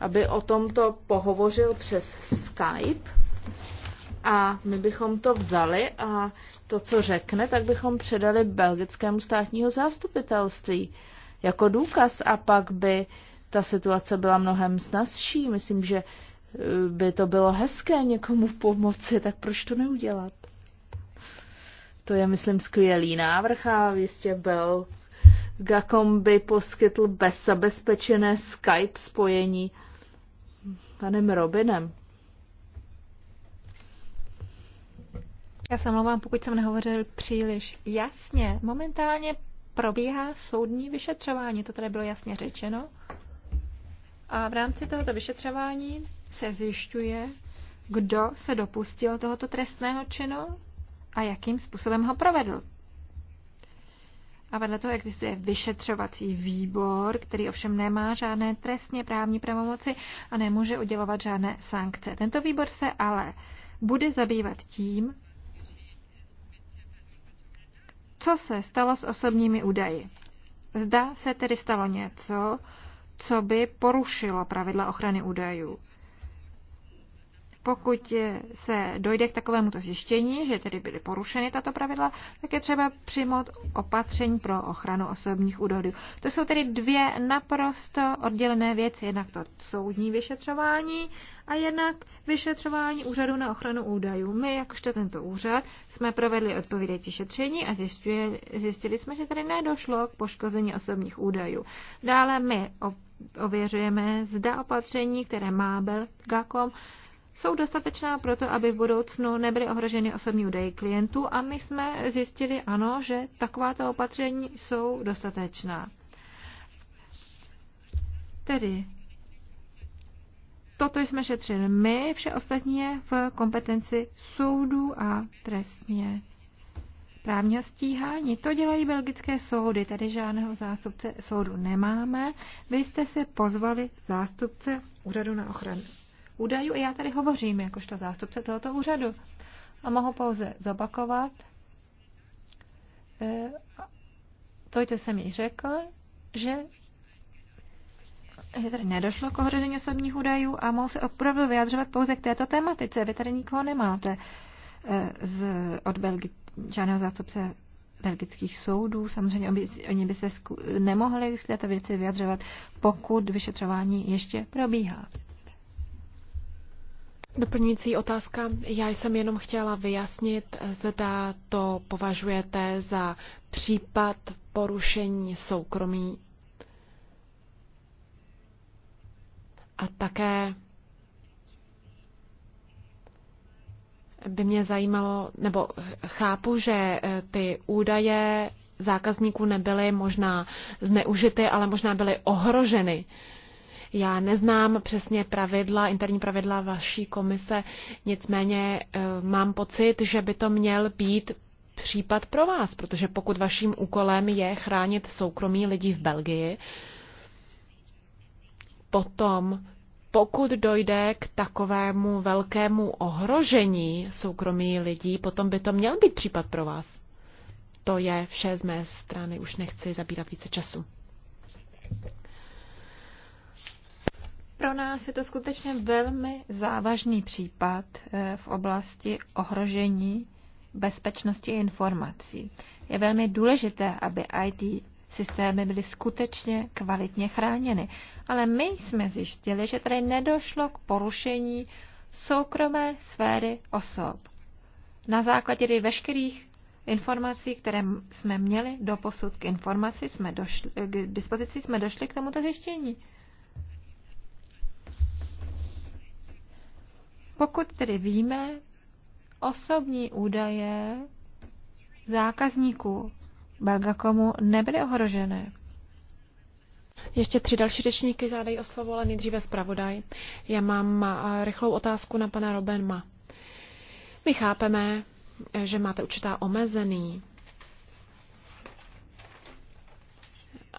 aby o tomto pohovořil přes Skype? A my bychom to vzali a to, co řekne, tak bychom předali belgickému státního zástupitelství jako důkaz a pak by ta situace byla mnohem snazší. Myslím, že eh, by to bylo hezké někomu <laughs> pomoci, tak proč to neudělat? To je, myslím, skvělý návrh a jistě byl Gakom by poskytl bez zabezpečené Skype spojení panem Robinem. Já se omlouvám, pokud jsem nehovořil příliš jasně. Momentálně probíhá soudní vyšetřování, to tady bylo jasně řečeno. A v rámci tohoto vyšetřování se zjišťuje, kdo se dopustil tohoto trestného činu a jakým způsobem ho provedl. A vedle toho existuje vyšetřovací výbor, který ovšem nemá žádné trestně právní pravomoci a nemůže udělovat žádné sankce. Tento výbor se ale bude zabývat tím, co se stalo s osobními údaji. Zda se tedy stalo něco, co by porušilo pravidla ochrany údajů. Pokud se dojde k takovému to zjištění, že tedy byly porušeny tato pravidla, tak je třeba přijmout opatření pro ochranu osobních údajů. To jsou tedy dvě naprosto oddělené věci. Jednak to soudní vyšetřování a jednak vyšetřování úřadu na ochranu údajů. My, jakožto tento úřad, jsme provedli odpovídající šetření a zjistili, zjistili jsme, že tady nedošlo k poškození osobních údajů. Dále my ověřujeme, zda opatření, které má Belgacom, jsou dostatečná pro to, aby v budoucnu nebyly ohroženy osobní údaje klientů a my jsme zjistili, ano, že takováto opatření jsou dostatečná. Tedy toto jsme šetřili my, vše ostatní je v kompetenci soudu a trestně právního stíhání. To dělají belgické soudy, tady žádného zástupce soudu nemáme. Vy jste se pozvali zástupce Úřadu na ochranu údajů a já tady hovořím jakožto zástupce tohoto úřadu. A mohu pouze zopakovat, eh, to, co jsem jí řekl, že že eh, tady nedošlo k ohrožení osobních údajů a mohu se opravdu vyjadřovat pouze k této tematice. Vy tady nikoho nemáte eh, z, od Belgi, žádného zástupce belgických soudů. Samozřejmě oni, oni by se sku, nemohli v této věci vyjadřovat, pokud vyšetřování ještě probíhá. Doplňující otázka. Já jsem jenom chtěla vyjasnit, zda to považujete za případ porušení soukromí a také by mě zajímalo, nebo chápu, že eh, ty údaje zákazníků nebyly možná zneužity, ale možná byly ohroženy. Uh, já neznám přesně pravidla, interní pravidla vaší komise, nicméně eh, mám pocit, že by to měl být případ pro vás, protože pokud vaším úkolem je chránit soukromí lidí v Belgii, potom pokud dojde k takovému velkému ohrožení soukromí lidí, potom by to měl být případ pro vás. To je vše z mé strany, už nechci zabírat více času. Pro nás je to skutečně velmi závažný případ eh, v oblasti ohrožení bezpečnosti informací. Je velmi důležité, aby IT systémy byly skutečně kvalitně chráněny. Ale my jsme zjištili, že tady nedošlo k porušení soukromé sféry osob. Na základě tedy veškerých informací, které jsme měli do posud k informaci, jsme došli, k dispozici jsme došli k tomuto zjištění. Pokud tedy víme osobní údaje zákazníků Belgakomu nebyly ohrožené. Ještě tři další řečníky žádají o slovo, ale nejdříve zpravodaj. Já mám eh, rychlou otázku na pana Robenma. My chápeme, eh, že máte určitá omezený.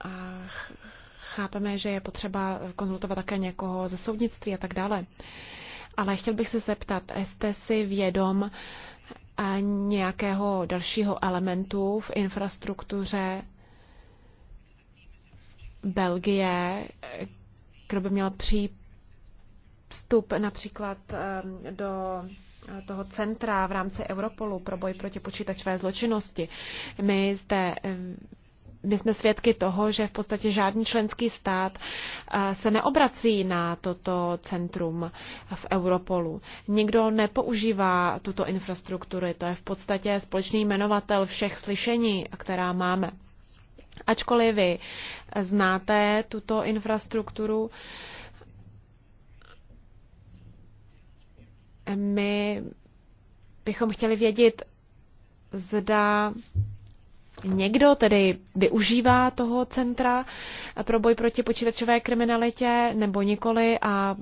A chápeme, že je potřeba konzultovat také někoho ze soudnictví a tak dále ale chtěl bych se zeptat, jste si vědom eh, nějakého dalšího elementu v infrastruktuře Belgie, kdo by měl přístup například eh, do eh, toho centra v rámci Europolu pro boj proti počítačové zločinnosti. My zde my jsme svědky toho, že v podstatě žádný členský stát eh, se neobrací na toto centrum v Europolu. Nikdo nepoužívá tuto infrastrukturu. To je v podstatě společný jmenovatel všech slyšení, která máme. Ačkoliv vy znáte tuto infrastrukturu, my bychom chtěli vědět, zda Někdo tedy využívá toho centra pro boj proti počítačové kriminalitě nebo nikoli a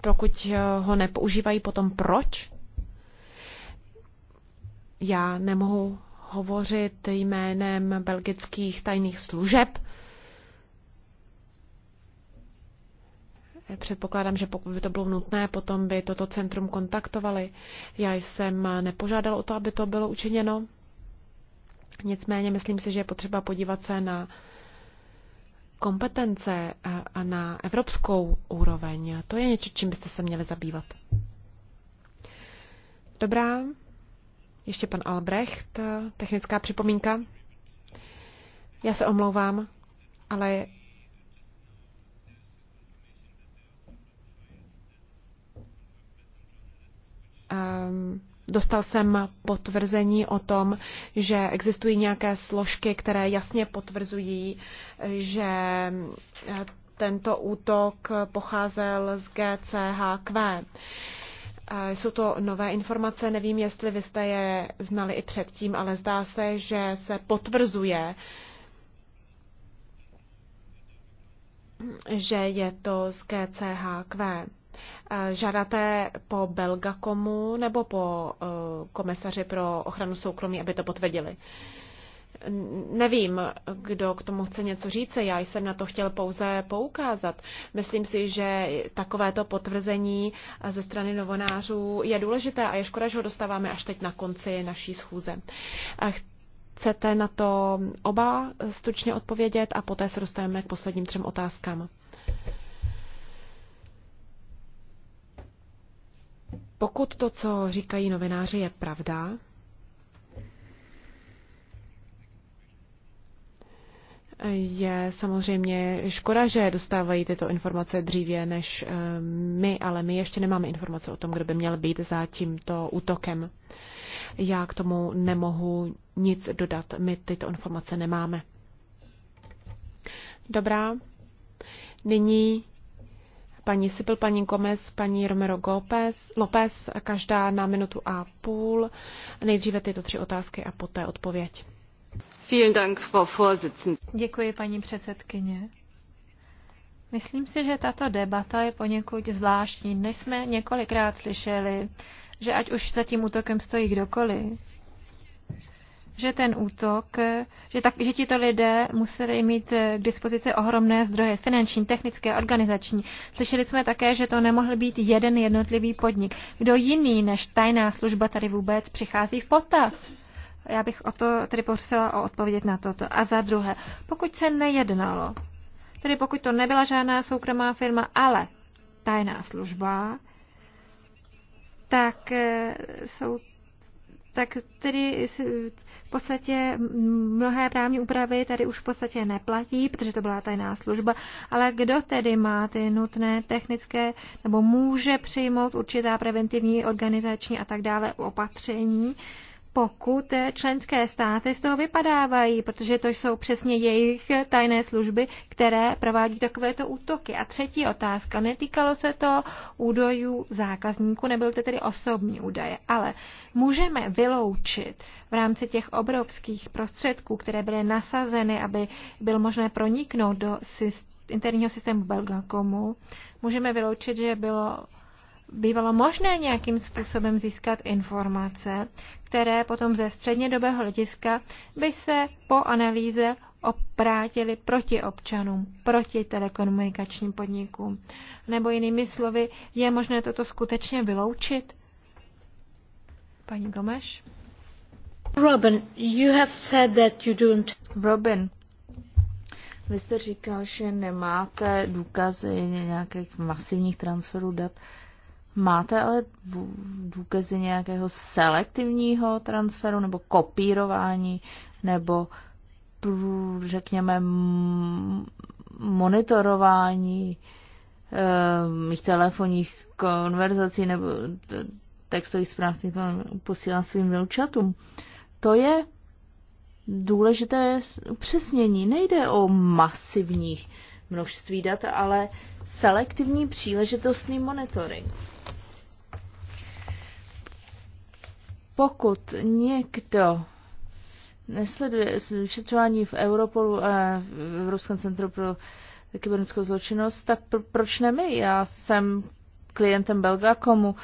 pokud ho nepoužívají, potom proč? Já nemohu hovořit jménem belgických tajných služeb. Předpokládám, že pokud by to bylo nutné, potom by toto centrum kontaktovali. Já jsem nepožádal o to, aby to bylo učiněno. Nicméně myslím si, že je potřeba podívat se na kompetence a na evropskou úroveň. To je něco, čím byste se měli zabývat. Dobrá, ještě pan Albrecht, technická připomínka. Já se omlouvám, ale um, Dostal jsem potvrzení o tom, že existují nějaké složky, které jasně potvrzují, že eh, tento útok pocházel z GCHQ. Eh, jsou to nové informace, nevím, jestli vy jste je znali i předtím, ale zdá se, že se potvrzuje, že je to z GCHQ. Eh, žádáte po Belgakomu nebo po eh, komisaři pro ochranu soukromí, aby to potvrdili? Nevím, kdo k tomu chce něco říct, já jsem na to chtěl pouze poukázat. Myslím si, že takovéto potvrzení eh, ze strany novonářů je důležité a je škoda, že ho dostáváme až teď na konci naší schůze. Chcete na to oba stručně odpovědět a poté se dostaneme k posledním třem otázkám. Pokud to, co říkají novináři, je pravda, je samozřejmě škoda, že dostávají tyto informace dříve než eh, my, ale my ještě nemáme informace o tom, kdo by měl být za tímto útokem. Já k tomu nemohu nic dodat, my tyto informace nemáme. Dobrá. Nyní paní Sipil, paní Gomez, paní Romero López, López, každá na minutu a půl. Nejdříve tyto tři otázky a poté odpověď. Děkuji, paní předsedkyně. Myslím si, že tato debata je poněkud zvláštní. Dnes jsme několikrát slyšeli, že ať už za tím útokem stojí kdokoliv, že ten útok, že, tak, že tito lidé museli mít k dispozici ohromné zdroje, finanční, technické, organizační. Slyšeli jsme také, že to nemohl být jeden jednotlivý podnik. Kdo jiný než tajná služba tady vůbec přichází v potaz? Já bych o to tedy prosila o odpovědět na toto. A za druhé, pokud se nejednalo, tedy pokud to nebyla žádná soukromá firma, ale tajná služba, tak eh, jsou tak tedy podstatě mnohé právní úpravy tady už v podstatě neplatí, protože to byla tajná služba, ale kdo tedy má ty nutné technické nebo může přijmout určitá preventivní, organizační a tak dále opatření, pokud eh, členské státy z toho vypadávají, protože to jsou přesně jejich tajné služby, které provádí takovéto útoky. A třetí otázka. Netýkalo se to údajů zákazníků, nebyl to tedy osobní údaje, ale můžeme vyloučit v rámci těch obrovských prostředků, které byly nasazeny, aby byl možné proniknout do systému interního systému Belgakomu, můžeme vyloučit, že bylo bývalo možné nějakým způsobem získat informace, které potom ze střednědobého hlediska by se po analýze oprátily proti občanům, proti telekomunikačním podnikům. Nebo jinými slovy, je možné toto skutečně vyloučit? Paní Gomeš? Robin, you have said that you don't... Robin, vy jste říkal, že nemáte důkazy nějakých masivních transferů dat. Uh, Máte ale důkazy nějakého selektivního transferu nebo kopírování nebo řekněme monitorování ehm, mých telefonních konverzací nebo textových zpráv, které posílám svým vnoučatům. To je důležité upřesnění. Nejde o masivní množství dat, ale selektivní příležitostný monitoring. Pokud někdo nesleduje vyšetřování v Europolu a v Evropském centru pro kybernetickou zločinnost, tak pro, proč ne my? Já jsem klientem Belgakomu,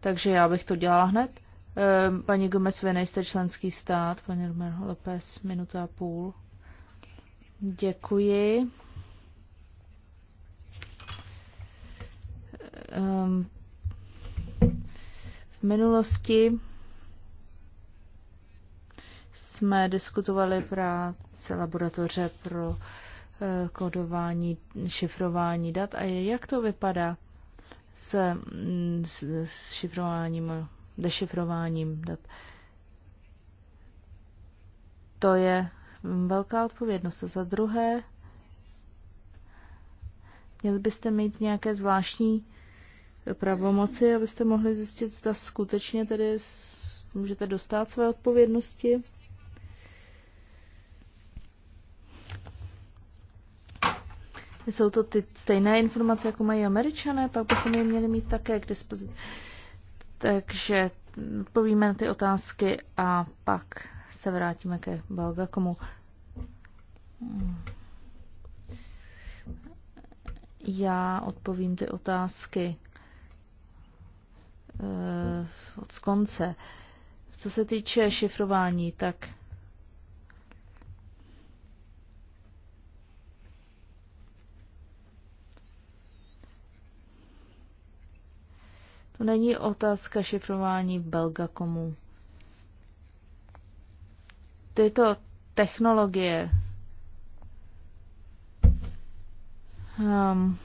takže já bych to dělala hned. Ehm, paní Gomez, vy nejste členský stát, paní Romero Lopez, minuta a půl. Děkuji. Um, v minulosti jsme diskutovali práci laboratoře pro eh, kodování, šifrování dat a jak to vypadá s, mm, s, s šifrováním, dešifrováním dat. To je velká odpovědnost. A za druhé, měli byste mít nějaké zvláštní pravomoci, abyste mohli zjistit, zda skutečně tedy můžete dostat své odpovědnosti. Jsou to ty stejné informace, jako mají američané, pak bychom je měli mít také k dispozici. Takže povíme na ty otázky a pak se vrátíme ke Balgakomu. Já odpovím ty otázky eh, od konce. Co se týče šifrování, tak To není otázka šifrování Belgakomu. Tyto technologie um,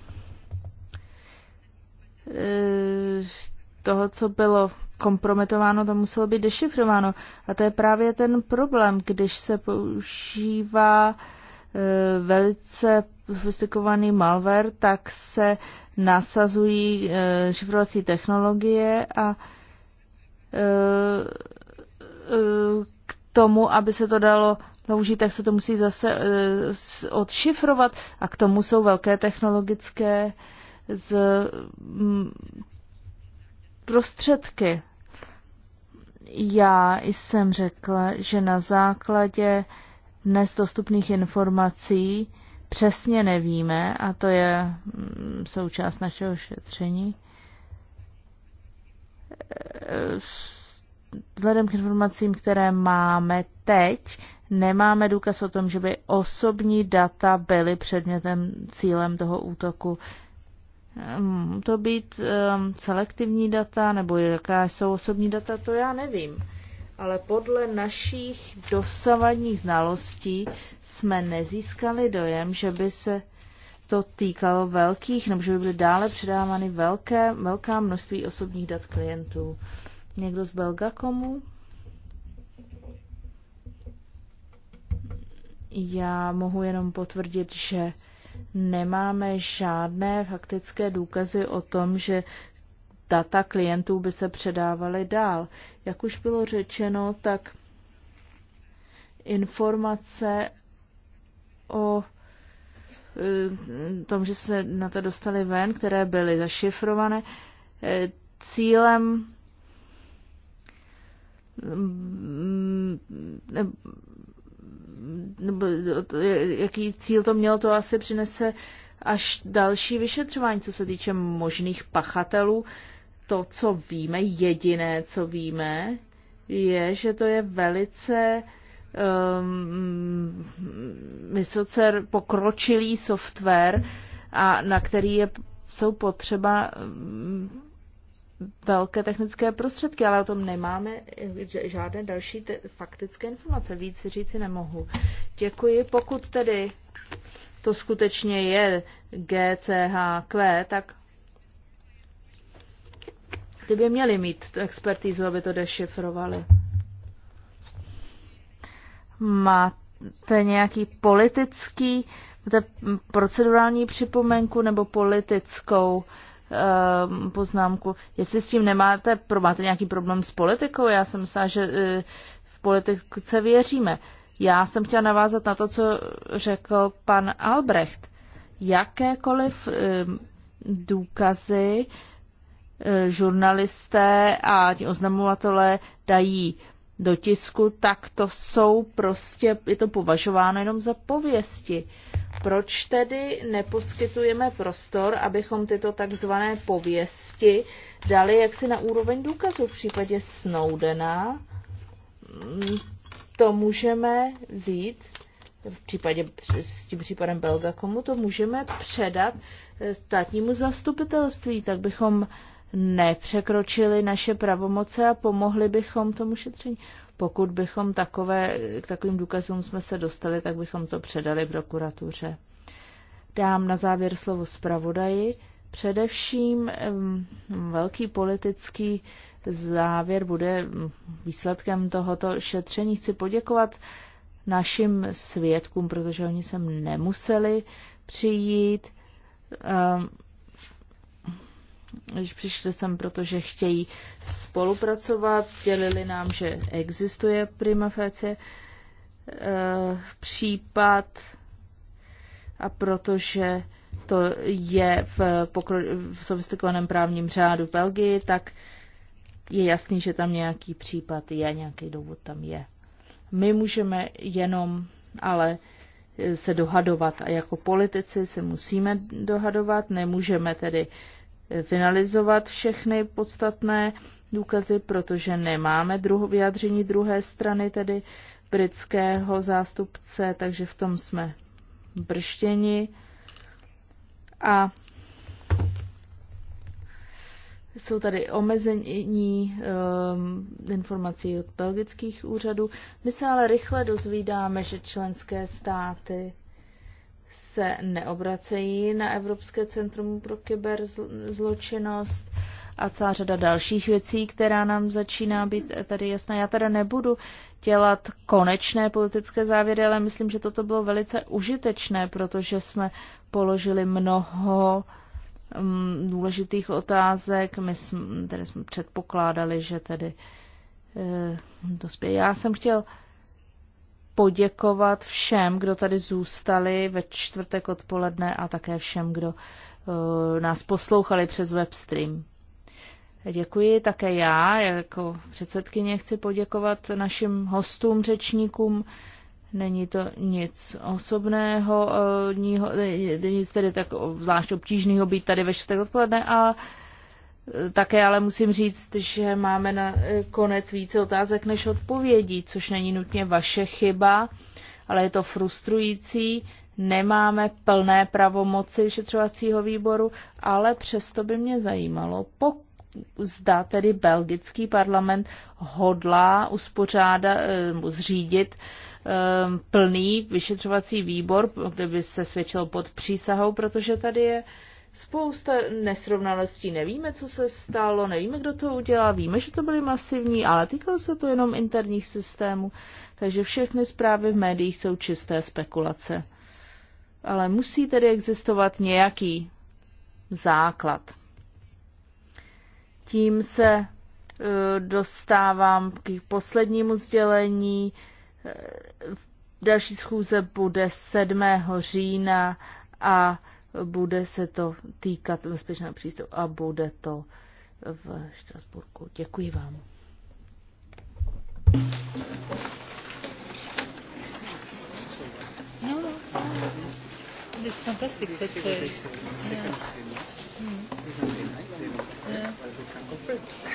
toho, co bylo kompromitováno, to muselo být dešifrováno. A to je právě ten problém, když se používá Eh, velice sofistikovaný malware, tak se nasazují eh, šifrovací technologie a eh, k tomu, aby se to dalo použít, tak se to musí zase odšifrovat a k tomu jsou velké technologické z mm, prostředky. Já jsem řekla, že na základě uh, dnes dostupných informací přesně nevíme, a to je mm, součást našeho šetření. Eh, vzhledem k informacím, které máme teď, nemáme důkaz o tom, že by osobní data byly předmětem cílem toho útoku. Ehm, to být um, selektivní data, nebo jaká jsou osobní data, to já nevím ale podle našich dosavadních znalostí jsme nezískali dojem, že by se to týkalo velkých, nebo že by byly dále předávány velké, velká množství osobních dat klientů. Někdo z komu? Já mohu jenom potvrdit, že nemáme žádné faktické důkazy o tom, že data klientů by se předávaly dál. Jak už bylo řečeno, tak informace o eh, tom, že se na to dostali ven, které byly zašifrované, eh, cílem mm, eh, nebo jaký cíl to mělo, to asi přinese až další vyšetřování, co se týče možných pachatelů to, co víme, jediné, co víme, je, že to je velice um, vysoce pokročilý software, a na který je, jsou potřeba um, velké technické prostředky, ale o tom nemáme žádné další te- faktické informace. Víc si říci nemohu. Děkuji. Pokud tedy to skutečně je GCHQ, tak ty by měly mít tu expertizu, aby to dešifrovali. Máte nějaký politický, máte procedurální připomenku nebo politickou ehm, poznámku? Jestli s tím nemáte, máte nějaký problém s politikou? Já jsem myslela, že e, v politice věříme. Já jsem chtěla navázat na to, co řekl pan Albrecht. Jakékoliv uh, důkazy E, žurnalisté a ti oznamovatelé dají do tisku, tak to jsou prostě, je to považováno jenom za pověsti. Proč tedy neposkytujeme prostor, abychom tyto takzvané pověsti dali jaksi na úroveň důkazu v případě Snowdena? Mm, to můžeme vzít v případě s tím případem Belga, komu to můžeme předat e, státnímu zastupitelství, tak bychom nepřekročili naše pravomoce a pomohli bychom tomu šetření. Pokud bychom takové, k takovým důkazům jsme se dostali, tak bychom to předali prokuratuře. Dám na závěr slovo zpravodaji. Především velký politický závěr bude výsledkem tohoto šetření. Chci poděkovat našim svědkům, protože oni sem nemuseli přijít. Když přišli sem, protože chtějí spolupracovat, sdělili nám, že existuje prima facie eh, případ a protože to je v, pokro- v sofistikovaném právním řádu Belgii, tak je jasný, že tam nějaký případ je, nějaký důvod tam je. My můžeme jenom ale se dohadovat a jako politici se musíme dohadovat, nemůžeme tedy finalizovat všechny podstatné důkazy, protože nemáme druho, vyjádření druhé strany, tedy britského zástupce, takže v tom jsme brštěni. A jsou tady omezení um, informací od belgických úřadů. My se ale rychle dozvídáme, že členské státy se neobracejí na Evropské centrum pro kyberzločinnost a celá řada dalších věcí, která nám začíná být tady jasná. Já teda nebudu dělat konečné politické závěry, ale myslím, že toto bylo velice užitečné, protože jsme položili mnoho mm, důležitých otázek. My jsme, tedy jsme předpokládali, že tedy e, dospěje. Já jsem chtěl poděkovat všem, kdo tady zůstali ve čtvrtek odpoledne a také všem, kdo nás poslouchali přes webstream. Děkuji také já, jako předsedkyně chci poděkovat našim hostům, řečníkům. Není to nic osobného, nic tedy tak zvlášť obtížného být tady ve čtvrtek odpoledne a také ale musím říct, že máme na e, konec více otázek než odpovědí, což není nutně vaše chyba, ale je to frustrující. Nemáme plné pravomoci vyšetřovacího výboru, ale přesto by mě zajímalo, zda tedy belgický parlament hodlá uspořádat, e, zřídit e, plný vyšetřovací výbor, kde by se svědčil pod přísahou, protože tady je spousta nesrovnalostí. Nevíme, co se stalo, nevíme, kdo to udělal, víme, že to byly masivní, ale týkalo se to jenom interních systémů, takže všechny zprávy v médiích jsou čisté spekulace. Ale musí tedy existovat nějaký základ. Tím se e, dostávám k poslednímu sdělení. E, další schůze bude 7. října a bude se to týkat bezpečného přístupu a bude to v Štrasburku. Děkuji vám. No, it's fantastic. uh, yeah. Mm. Yeah.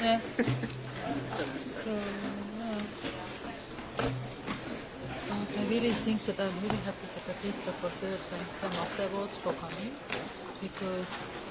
Yeah. really think that I'm really happy that at least rapporteurs and some afterwards for coming because